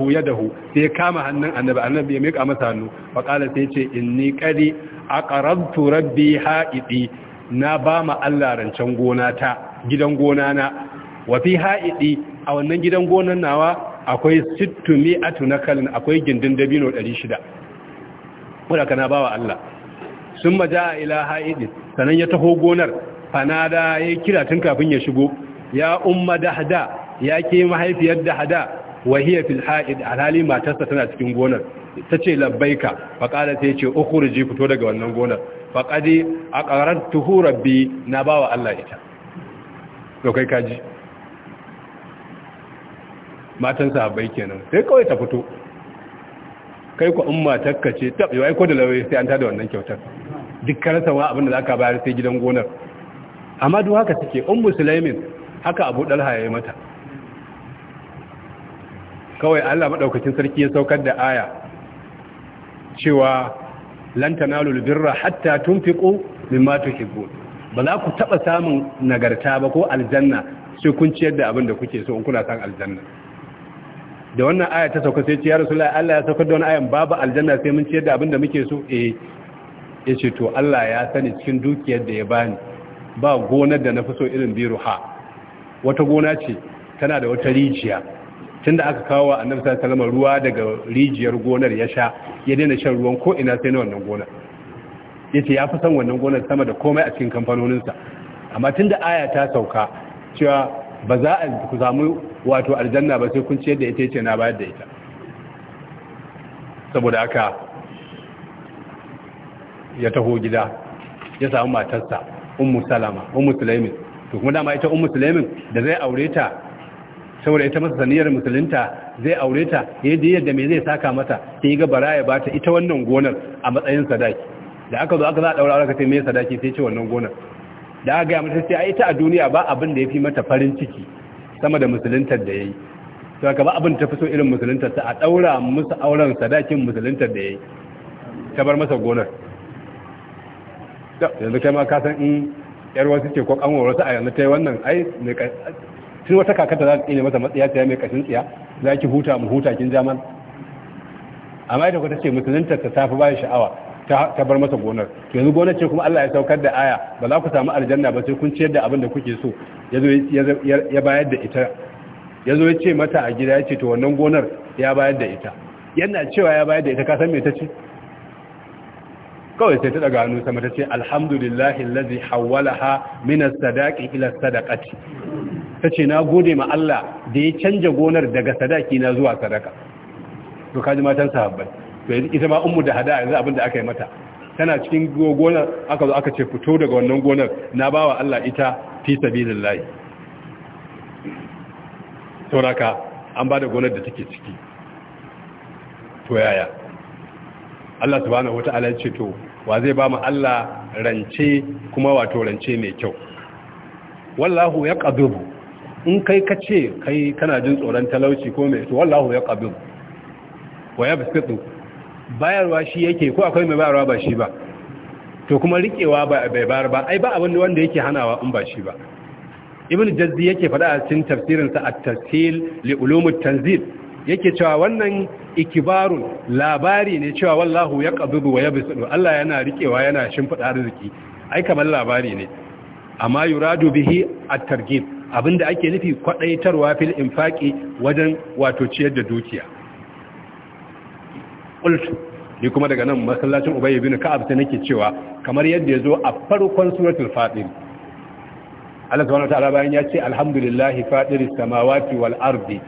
ya dahu, sai ya kama hannun annabi annabi ya mika masa hannu fa kala sai ya ce inni a aqrabtu rabbi haidi na ba ma Allah rancen gona ta gidan gona na wa fi haidi a wannan gidan gona nawa akwai sittu mi'atu nakalin akwai gindin dabino 600 wadda kana ba wa Allah sun maja ila haidin sanan ya taho gonar fanada ya kira tun kafin ya shigo ya umma da hada ya ke mahaifiyar da hada wahiyar fil alhali matarsa tana cikin gonar ta ce labbaika faƙada ta ce ukurji fito daga wannan gonar faƙadi a ƙarar tuhu rabbi na ba wa Allah ita lokai kaji matansa bai kenan sai kawai ta fito kai ku umma matarka ce tab yau aiko da lauye sai an tada wannan kyautar duk karasa wa abin da za bayar sai gidan gonar amma duk haka take un musulmin haka abu dalha ya mata kawai allah maɗaukacin sarki ya saukar da aya cewa lantana lulubirra hatta tun fiƙo min ba za ku taɓa samun nagarta ba ko aljanna sai kun ciyar da abin da kuke so in kuna san aljanna da wannan aya ta sauka sai ce ya rasulullahi Allah ya saukar da wani ayan babu aljanna sai mun ciyar da abin da muke so eh yace to Allah ya sani cikin dukiyar da ya bani ba gonar da nafi so irin biruha wata gona ce tana da wata rijiya tunda aka kawo annabi sallallahu alaihi wasallam ruwa daga rijiyar gonar ya sha ya daina shan ruwan ko ina sai na wannan gonar yace ya fi son wannan gonar sama da komai a cikin sa amma tunda aya ta sauka cewa ba za a ku samu wato aljanna ba sai kun ciyar da ita yace na bayar da ita saboda haka ya taho gida ya samu matarsa ummu salama ummu sulaimin to kuma dama ita ummu sulaimin da zai aure ta saboda ita masa saniyar musulunta zai aure ta yadda yadda mai zai saka mata sai ga bara ya bata ita wannan gonar a matsayin sadaki da aka zo aka za a daura aure ka sai mai sadaki sai ce wannan gonar da aka gaya mata sai a ta a duniya ba abin da ya fi mata farin ciki sama da musuluntar da ya yi to ka ba abin ta fi so irin musuluntar ta a daura musu auren sadakin musuluntar da ya yi ta bar masa gonar yanzu kai ma ka san in yar wasu ce ko kanwar wasu a yanzu ta yi wannan ai mai shi wata kakata za ta ne masa matsiya ta mai kashin tsiya za ki huta mu huta kin zaman amma ita ku ta ce musuluntar ta tafi bayan sha'awa ta bar masa gonar to yanzu gonar ce kuma Allah ya saukar da aya ba za ku samu aljanna ba sai kun ciyar da abin da kuke so ya bayar da ita ya zo ya ce mata a gida ya ce to wannan gonar ya bayar da ita yana cewa ya bayar da ita ka san me ta ce kawai sai ta daga hannu sama ta ce alhamdulillahi allazi hawwalaha min as-sadaqi ila sadaqati tace na gode ma Allah da ya canja gonar daga sadaki na zuwa sadaka to kaji matan sahabbai to yi ita ma ummu da hada yanzu abin da aka yi mata tana cikin gonar aka zo aka ce fito daga wannan gonar na bawa Allah ita fi sabilillahi sauraka an ba da gonar da take ciki to yaya Allah subhanahu wata'ala ya ce to wa zai ba mu Allah rance kuma wato rance mai kyau wallahu ya ƙadubu in kai ka ce kai kana jin tsoron talauci ko mai to wallahu ya ƙadubu wa ya bayarwa shi yake ko akwai mai bayarwa ba shi ba to kuma riƙewa bai bayar ba ai ba abin da wanda yake hanawa in ba shi ba ibn jazzi yake faɗa a cikin tafsirin sa at tasil li ulumut tanzil yake cewa wannan ikibarun labari ne cewa wallahu ya yaqbidu wa yabsutu Allah yana riƙewa yana shimfiɗa arziki ai kamar labari ne amma yuradu bihi at-targhib abinda ake nufi kwadaitarwa fil infaqi wajen wato ciyar da dukiya qultu ni kuma daga nan masallacin ubay ibn ka'ab sai nake cewa kamar yadda yazo a farkon suratul fatir Allah subhanahu wataala bayan ya ce alhamdulillahi fatiris samawati wal ardi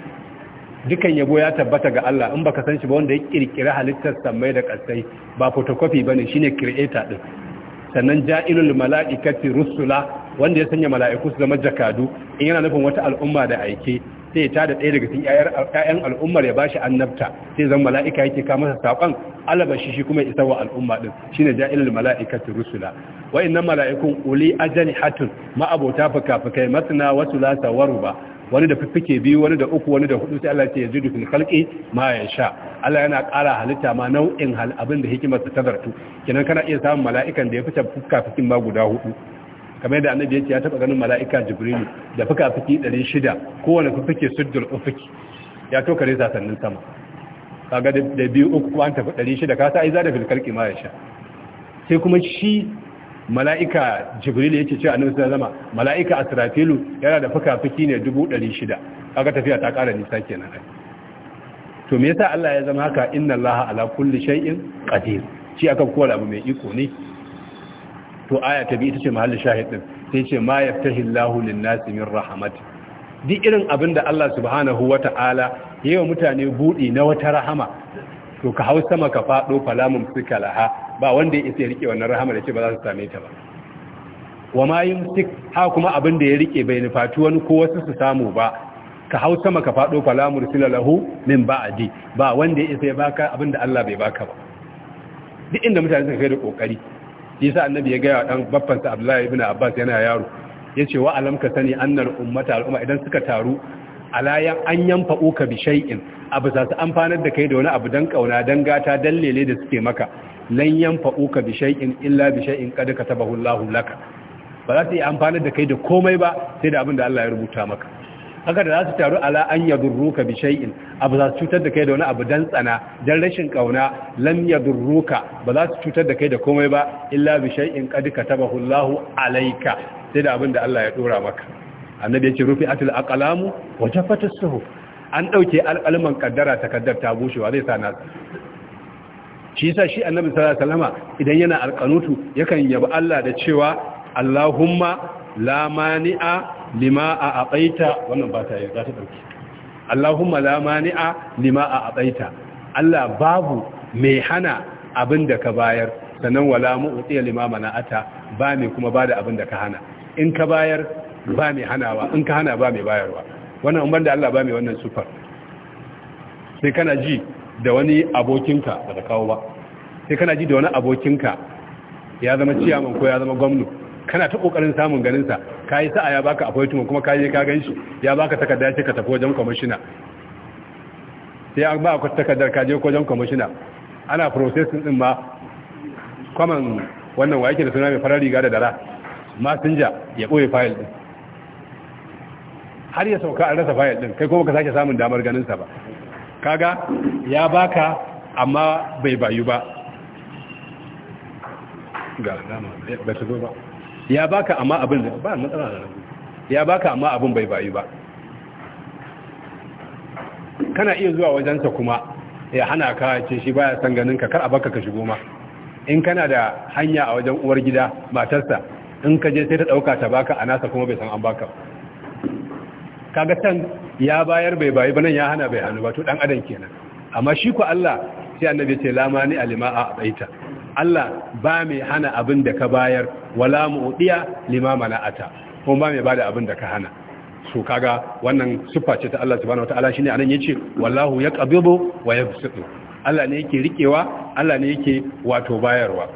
dukan yabo ya tabbata ga Allah in baka san shi ba wanda ya kirkira halittar samai da kasai ba photocopy bane shine creator din sannan ja'ilul mala'ikati rusula wanda ya sanya mala'iku su zama jakadu in yana nufin wata al'umma da aike sai ya tada ɗaya daga cikin yayan al'ummar ya bashi annabta sai zan mala'ika yake ka masa saƙon alabashi shi kuma isa wa al'umma ɗin shine ja'ilul mala'ikatu rusula wa'annan mala'ikun uli ajani hatun ma'abota fuka-fukai masna wasu lasa ba wani da fiffike biyu wani da uku wani da hudu sai Allah ya yazidu fil khalqi ma sha Allah yana ƙara halitta ma nau'in hal abin da hikimar ta zartu kenan kana iya samun mala'ikan da ya fita fuka-fukin ma guda hudu kamar yadda annabi yake ya taba ganin mala'ika jibrilu da fuka fiki 600 kowane fike suddul ufuki ya kare sasannin sama kaga da biyu uku ko an tafi 600 ka sa aiza da filkar ma ya sha sai kuma shi mala'ika jibrilu yake ce annabi sai zama mala'ika asrafilu yana da fuka fiki ne 600 kaga tafiya ta ƙara nisa kenan to me yasa Allah ya zama haka inna laha ala kulli shay'in qadir shi aka kowa abu mai iko ne to aya ta biyu ita ce mahallin shahid din sai ce ma yaftahi Allahu lin-nasi min rahmati duk irin abin da Allah subhanahu wata'ala yayin mutane budi na wata rahama to ka hau sama ka fado falamun fikalaha ba wanda ya isa rike wannan rahama da ce ba za su same ta ba wa ma yumsik ha kuma abin da ya rike bai nufatu wani ko wasu su samu ba ka hau sama ka faɗo falamun mursila min ba'di ba wanda ya isa ya baka abinda Allah bai baka ba duk inda mutane suka kai da kokari yasa annabi ya ga ya dan babban sa Abdullahi ibn Abbas yana yaro yace wa alam ka sani annal ummata al'umma idan suka taru alayan an yanfa uka bi shay'in abu za amfanar da kai da wani abu dan kauna dan gata dan lele da suke maka lan yanfa uka bi shay'in illa bi shay'in qad katabahu Allahu laka ba za su yi amfanar da kai da komai ba sai da abin da Allah ya rubuta maka haka da za su taru ala an yadurruka bi shay'in abu za su cutar da kai da wani abu dan tsana dan rashin kauna lam yadurruka ba za su cutar da kai da komai ba illa bi shay'in qad katabahu Allahu alayka sai da abin da Allah ya dora maka annabi ya ce rufi atul aqlamu wa fatar suhuf an dauke alqalman kaddara takaddar ta bushewa zai sa na shi yasa shi annabi sallallahu alaihi wasallama idan yana alqanutu yakan yabi Allah da cewa Allahumma la mani'a lima a abaita wannan ba ta yi za ta dauki Allahumma la mani'a lima a abaita Allah babu mai hana abin da ka bayar sannan wala limama na ata ba mai kuma ba da abin da ka hana in ka bayar ba mai hanawa in ka hana ba mai bayarwa wannan umar da Allah ba mai wannan sufar sai kana ji da wani abokinka da da kawo ba sai kana ji da wani abokinka ya zama ciyaman ko ya zama gwamnati kana ta kokarin samun ganin sa kai sa'a ya baka appointment kuma kai ka ganshi ya baka takarda ce ka tafi wajen commissioner sai an ba ka takardar ka je wajen commissioner ana processing din ma kwaman wannan wa ke da suna mai farar riga da dara masinja ya ɓoye fayil ɗin har ya sauka an rasa fayil ɗin kai kuma ka sake samun damar ganinsa ba kaga ya baka amma bai bayu ba ga dama ba ta zo ba ya baka amma abin ba matsala da ya baka amma abin bai bayu ba kana iya zuwa wajensa kuma ya hana ka ce shi baya san ganin ka kar a baka ka shigo ma in kana da hanya a wajen uwar gida matarsa in ka je sai ta dauka ta baka a nasa kuma bai san an baka kaga can ya bayar bai bayu ba nan ya hana bai hannu ba to dan adam kenan amma shi ko Allah sai annabi ce lamani alima a baita Allah ba mai hana abin da ka bayar wala udiya lima mana'ata kuma ba mai bada abin da ka hana so kaga wannan siffa ce ta Allah subhanahu wataala shine anan yace wallahu yaqbidu wa yabsutu Allah ne yake rikewa Allah ne yake wato bayarwa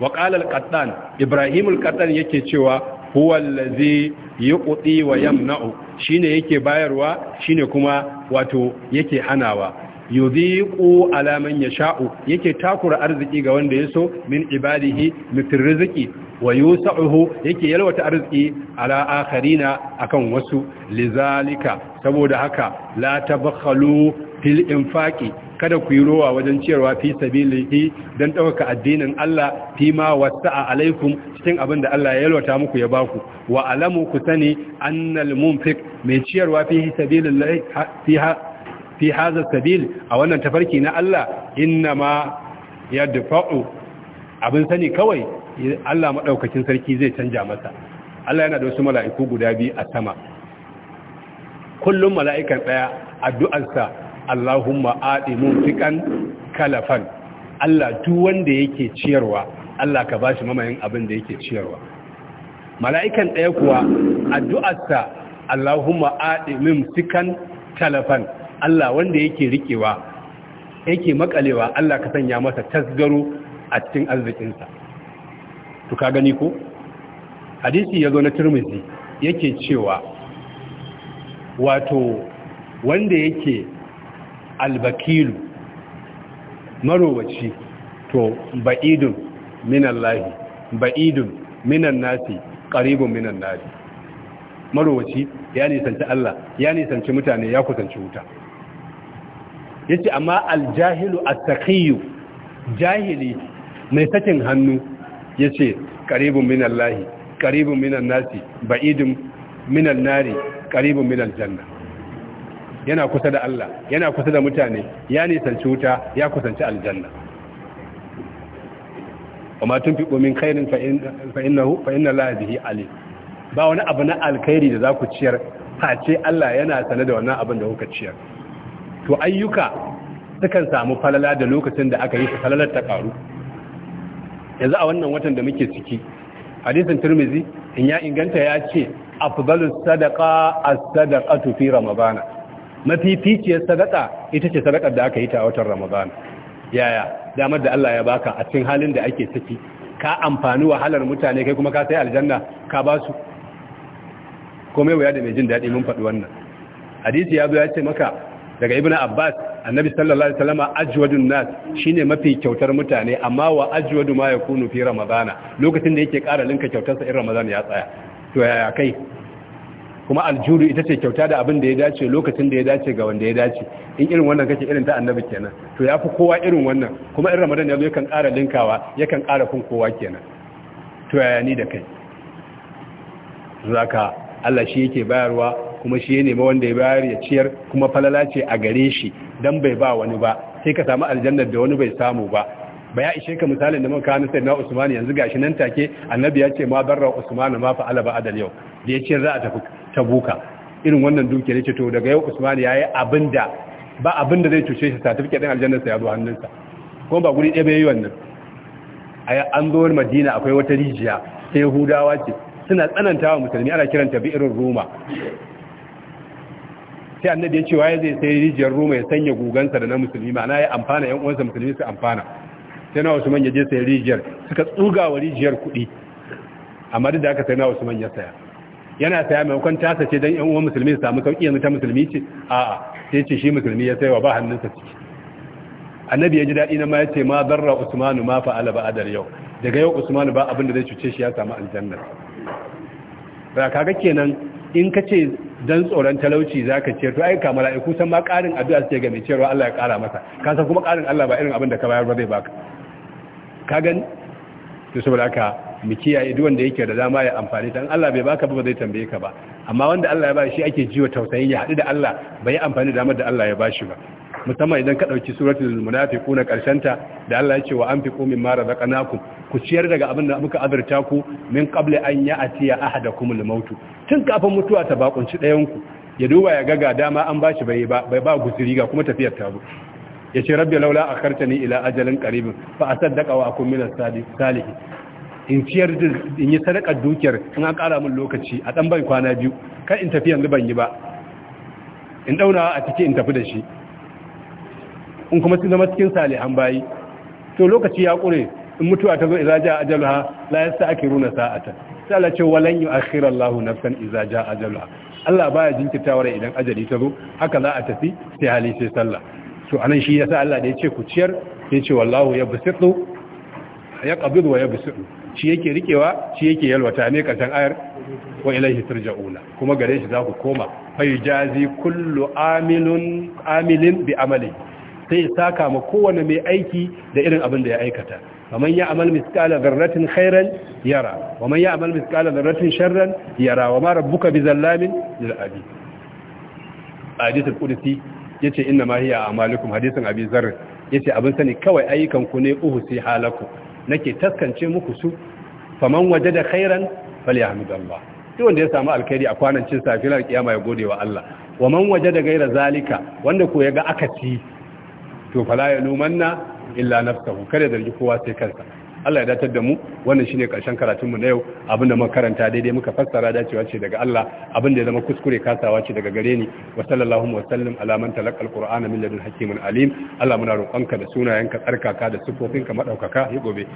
wa qala al-qattan Ibrahim al-qattan yake cewa huwa allazi yuqdi wa yamna'u shine yake bayarwa shine kuma wato yake hanawa yudhiqu ala man yasha'u yake takura arziki ga wanda yaso min ibadihi mitir rizqi wa yusahu yake yalwata arziki ala akharina akan wasu lizalika saboda haka la tabakhalu fil infaqi kada ku yi rowa wajen ciyarwa fi sabilihi don ɗaukaka addinin Allah fi ma wasa'a alaikum cikin abin da Allah ya yalwata muku ya baku wa alamu ku sani annal munfiq mai ciyarwa fi sabilillahi fiha fi hadha sabil a wannan tafarki na Allah innama dafa'u abin sani kawai Allah madaukakin sarki zai canja masa Allah yana da wasu mala'iku guda biyu a sama kullum mala'ikan daya addu'arsa Allahumma aɗi mumfiƙan kalafan Allah duk wanda yake ciyarwa Allah ka ba shi mamayin abin da yake ciyarwa mala'ikan ɗaya kuwa addu'arsa Allahumma aɗi mumfiƙan talafan Allah wanda yake rikewa yake makalewa Allah ka sanya masa tasgaro a cikin arzikinsa to ka gani ko hadisi ya zo na Tirmidhi yake cewa wato wanda yake albakilu marowaci to ba'idun minallahi ba'idun minan nasi qaribun minan nari marowaci ya nisanci Allah ya nisanci mutane ya kusanci wuta Ya ce amma aljahilu a attaqiyyu jahili mai sakin hannu ya ce karibin minan lahi, karibin minan nasi ba'idun minan nari karibin minan janna. yana kusa da Allah yana kusa da mutane ya nisanci wuta ya kusanci aljanna amma tun fi ɓomin kairin fa'in innahu fa ba wani abu na alkairi da za ku ciyar face Allah yana sane da wannan abin da kuka ciyar to ayyuka sukan samu falala da lokacin da aka yi su falalar ta karu yanzu a wannan watan da muke ciki hadisin turmizi in ya inganta ya ce afdalus sadaqa as-sadaqatu fi ramadana mafificiyar sadaqa ita ce sadaqa da aka yi ta a watan ramadana yaya damar da Allah ya baka a cikin halin da ake ciki ka amfani wahalar mutane kai kuma ka sai aljanna ka ba su komai wuya da mai jin daɗi mun faɗi wannan hadisi ya zo ya ce maka daga Ibn abbas annabi sallallahu alaihi wasallam ajwadun nas shine mafi kyautar mutane amma wa ajwadu ma yakunu fi ramadana lokacin da yake ƙara linka kyautar sa in ramadana ya tsaya to yaya kai kuma aljudu ita ce kyauta da abin da ya dace lokacin da ya dace ga wanda ya dace in irin wannan kake irin ta annabi kenan to yafi kowa irin wannan kuma in ramadan ya zo yakan ƙara linkawa yakan ƙara kun kowa kenan to yaya ni da kai zaka Allah shi yake bayarwa kuma shi ya nema wanda ya bayar ya ciyar kuma falala ce a gare shi dan bai ba wani ba sai ka samu aljannar da wani bai samu ba ba ya ishe ka misalin da muka na sayyidina Usman yanzu gashi nan take annabi ya ce ma barra Usman ma fa'ala ba adal yau da ya ce za a tafi tabuka irin wannan ne ce to daga yau Usman yayi abinda ba abinda zai cuce shi certificate din aljannar sa ya zo sa kuma ba guri ɗaya bai yi wannan an zo Madina akwai wata rijiya sai Yahudawa ce suna tsananta wa musulmi ana kiranta bi'irun Roma sai annabi ya ce waye zai sai rijiyar Roma ya sanya gugansa da na musulmi ma'ana ya amfana yan uwansa musulmi su amfana sai na wasu ya je sai rijiyar suka tsuga wa rijiyar kuɗi amma duk da aka sai na wasu ya saya yana saya maimakon tasa ce don yan uwan musulmi su samu sauƙi yanzu ta musulmi ce a'a sai ce shi musulmi ya wa ba hannunsa ciki annabi ya ji daɗi na ma ya ce ma barra usmanu ma fa'ala ba adar yau daga yau usmanu ba abin da zai cuce shi ya samu aljanna ba kaga kenan in ka ce dan tsoron talauci za ka ce to ai ka mala'iku san ma karin addu'a sai ga mai cewa Allah ya kara masa ka san kuma karin Allah ba irin abin da ka bayar ba zai baka ka gani to saboda haka mu kiyaye duk wanda yake da dama ya amfani dan Allah bai baka ba zai tambaye ka ba amma wanda Allah ya ba shi ake jiwa tausayin ya haɗu da Allah bai amfani da damar da Allah ya bashi ba musamman idan ka ɗauki suratul munafiquna karshen ta da Allah ya ce wa anfiqu mimma razaqnakum ku ciyar daga abin da muka azurta ku min qabli an ya'tiya ahadakumul maut tun kafin mutuwa ta bakunci dayan ku ya duba ya ga ga dama an bashi bai ba bai ba gusiri ga kuma tafiyar ta zo ya ce rabbi laula akhartani ila ajalin qarib fa asaddaqa wa akun minas salihin in ciyar in yi sadakar dukiyar in an ƙara min lokaci a ɗan bai kwana biyu kan in tafi yanzu ban yi ba in ɗauna a ciki in tafi da shi in kuma sun zama cikin salihan bayi to lokaci ya ƙure in mutuwa ta zo idza jaa ajaluha la yasta'khiruna sa'ata sai ala ce walan akhira Allahu nafsan idza a jalha Allah baya jinkirtawa idan ajali ta zo haka za a tafi sai hali sai sallah to anan shi yasa Allah da ya ce ku ciyar ya ce wallahu ya qabidu wa ya yabsitu shi yake rikewa shi yake yalwata ne karshen ayar wa ilaihi turja'una kuma gare shi za ku koma bai jazi kullu amilun amilin bi amali sai ya saka ma kowane mai aiki da irin abin da ya aikata kamar ya amal miskala zarratin khairan yara wa man ya amal miskala zarratin sharran yara wa ma rabbuka bi zallamin lil abi hadithul qudsi yace inna ma hiya amalukum hadithan abi zarr yace abin sani kawai ayyukan ku ne uhu sai halaku nake taskance muku su faman waje da khairan falyahmidallah duk wanda ya samu alkhairi a kwanan cin safilar kiyama ya gode wa Allah wa man waje da gaira zalika wanda ko yaga akati to fala ya lumanna illa nafsuhu kare zargi kowa sai kansa Allah ya datar da mu wannan shine karshen karatun mu na yau abinda muka karanta daidai muka fassara dacewa ce daga Allah abinda ya zama kuskure kasawa ce daga gare ni wa sallallahu wa sallam ala man talaqa alqur'ana min ladun hakimin alim Allah muna roƙonka da sunayenka tsarkaka da sifofinka madaukaka ya gobe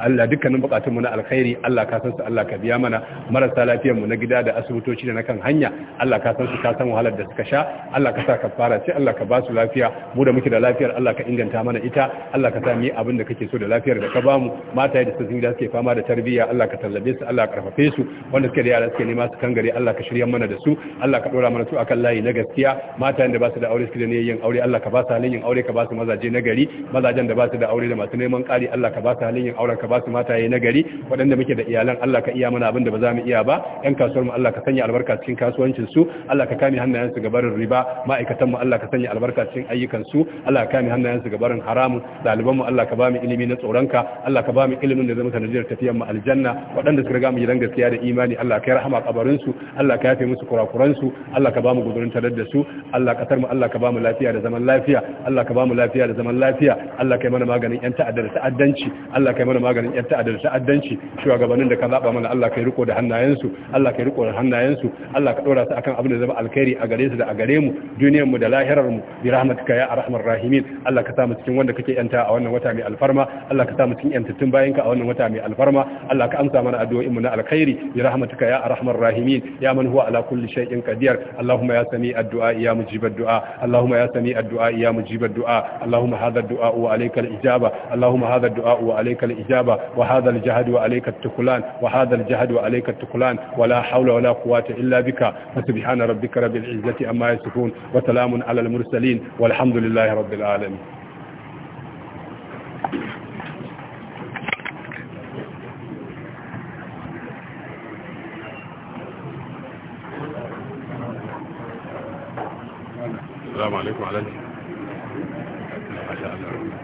Allah dukkanin bukatunmu na alkhairi Allah ka san su Allah ka biya mana marasa lafiyar mu na gida da asibitoci da na kan hanya Allah ka san su ka san wahalar da suka sha Allah ka sa ka fara Allah ka ba su lafiya mu da muke da lafiyar Allah ka inganta mana ita Allah ka sa mu yi abin da kake so da lafiyar da ka ba mu mata da su da suke fama da tarbiyya Allah ka tallabe su Allah ka karfafe su wanda suke da yara suke nema su kangare Allah ka shirya mana da su Allah ka dora mana su akan layi na gaskiya mata da ba su da aure suke da yin aure Allah ka ba su halin yin aure ka ba su mazaje na gari mazajen da ba su da aure da masu neman ƙari Allah ka ba su halin yin aure ka ba su mataye na gari waɗanda muke da iyalan Allah ka iya mana abin da ba za mu iya ba ƴan kasuwar mu Allah ka sanya albarka cikin kasuwancin su Allah ka kame hannayen su gabarin riba ma'aikatan mu Allah ka sanya albarka cikin ayyukan su Allah ka kame hannayen su gabarin haramun daliban mu Allah ka ba mu ilimi na tsoronka Allah ka ba mu ilimin da zama sanadiyar tafiyar mu aljanna waɗanda suka riga mu gidan gaskiya da imani Allah ka rahama kabarin su Allah ka yafe musu kurakuran su Allah ka ba mu gudurin tarar da su Allah kasar mu Allah ka ba mu lafiya da zaman lafiya Allah ka ba mu lafiya da zaman lafiya Allah ka yi mana maganin ƴan ta'adda da ta'addanci Allah ka yi mana maganin yan ta'adda ta'addanci shugabannin da ka zaba mana Allah kai riko da hannayensu Allah kai riko da hannayensu Allah ka dora su akan abin da zama alkhairi a gare su da a gare mu duniyar mu da lahirar mu bi rahmatika ya arhamar rahimin Allah ka sa mu cikin wanda kake yanta a wannan wata mai alfarma Allah ka sa mu cikin yantattun ka a wannan wata mai alfarma Allah ka amsa mana addu'o'in mu na alkhairi bi rahmatika ya arhamar rahimin ya man huwa ala kulli shay'in qadir Allahumma ya sami addu'a ya mujib addu'a Allahumma ya sami addu'a ya mujib addu'a Allahumma hadha addu'a wa alayka al-ijaba Allahumma hadha addu'a wa alayka al-ijaba الإجابة وهذا الجهد وعليك التكلان وهذا الجهد وعليك التكلان ولا حول ولا قوة إلا بك فسبحان ربك رب العزة أما يصفون وسلام على المرسلين والحمد لله رب العالمين السلام عليكم وعليكم السلام عليكم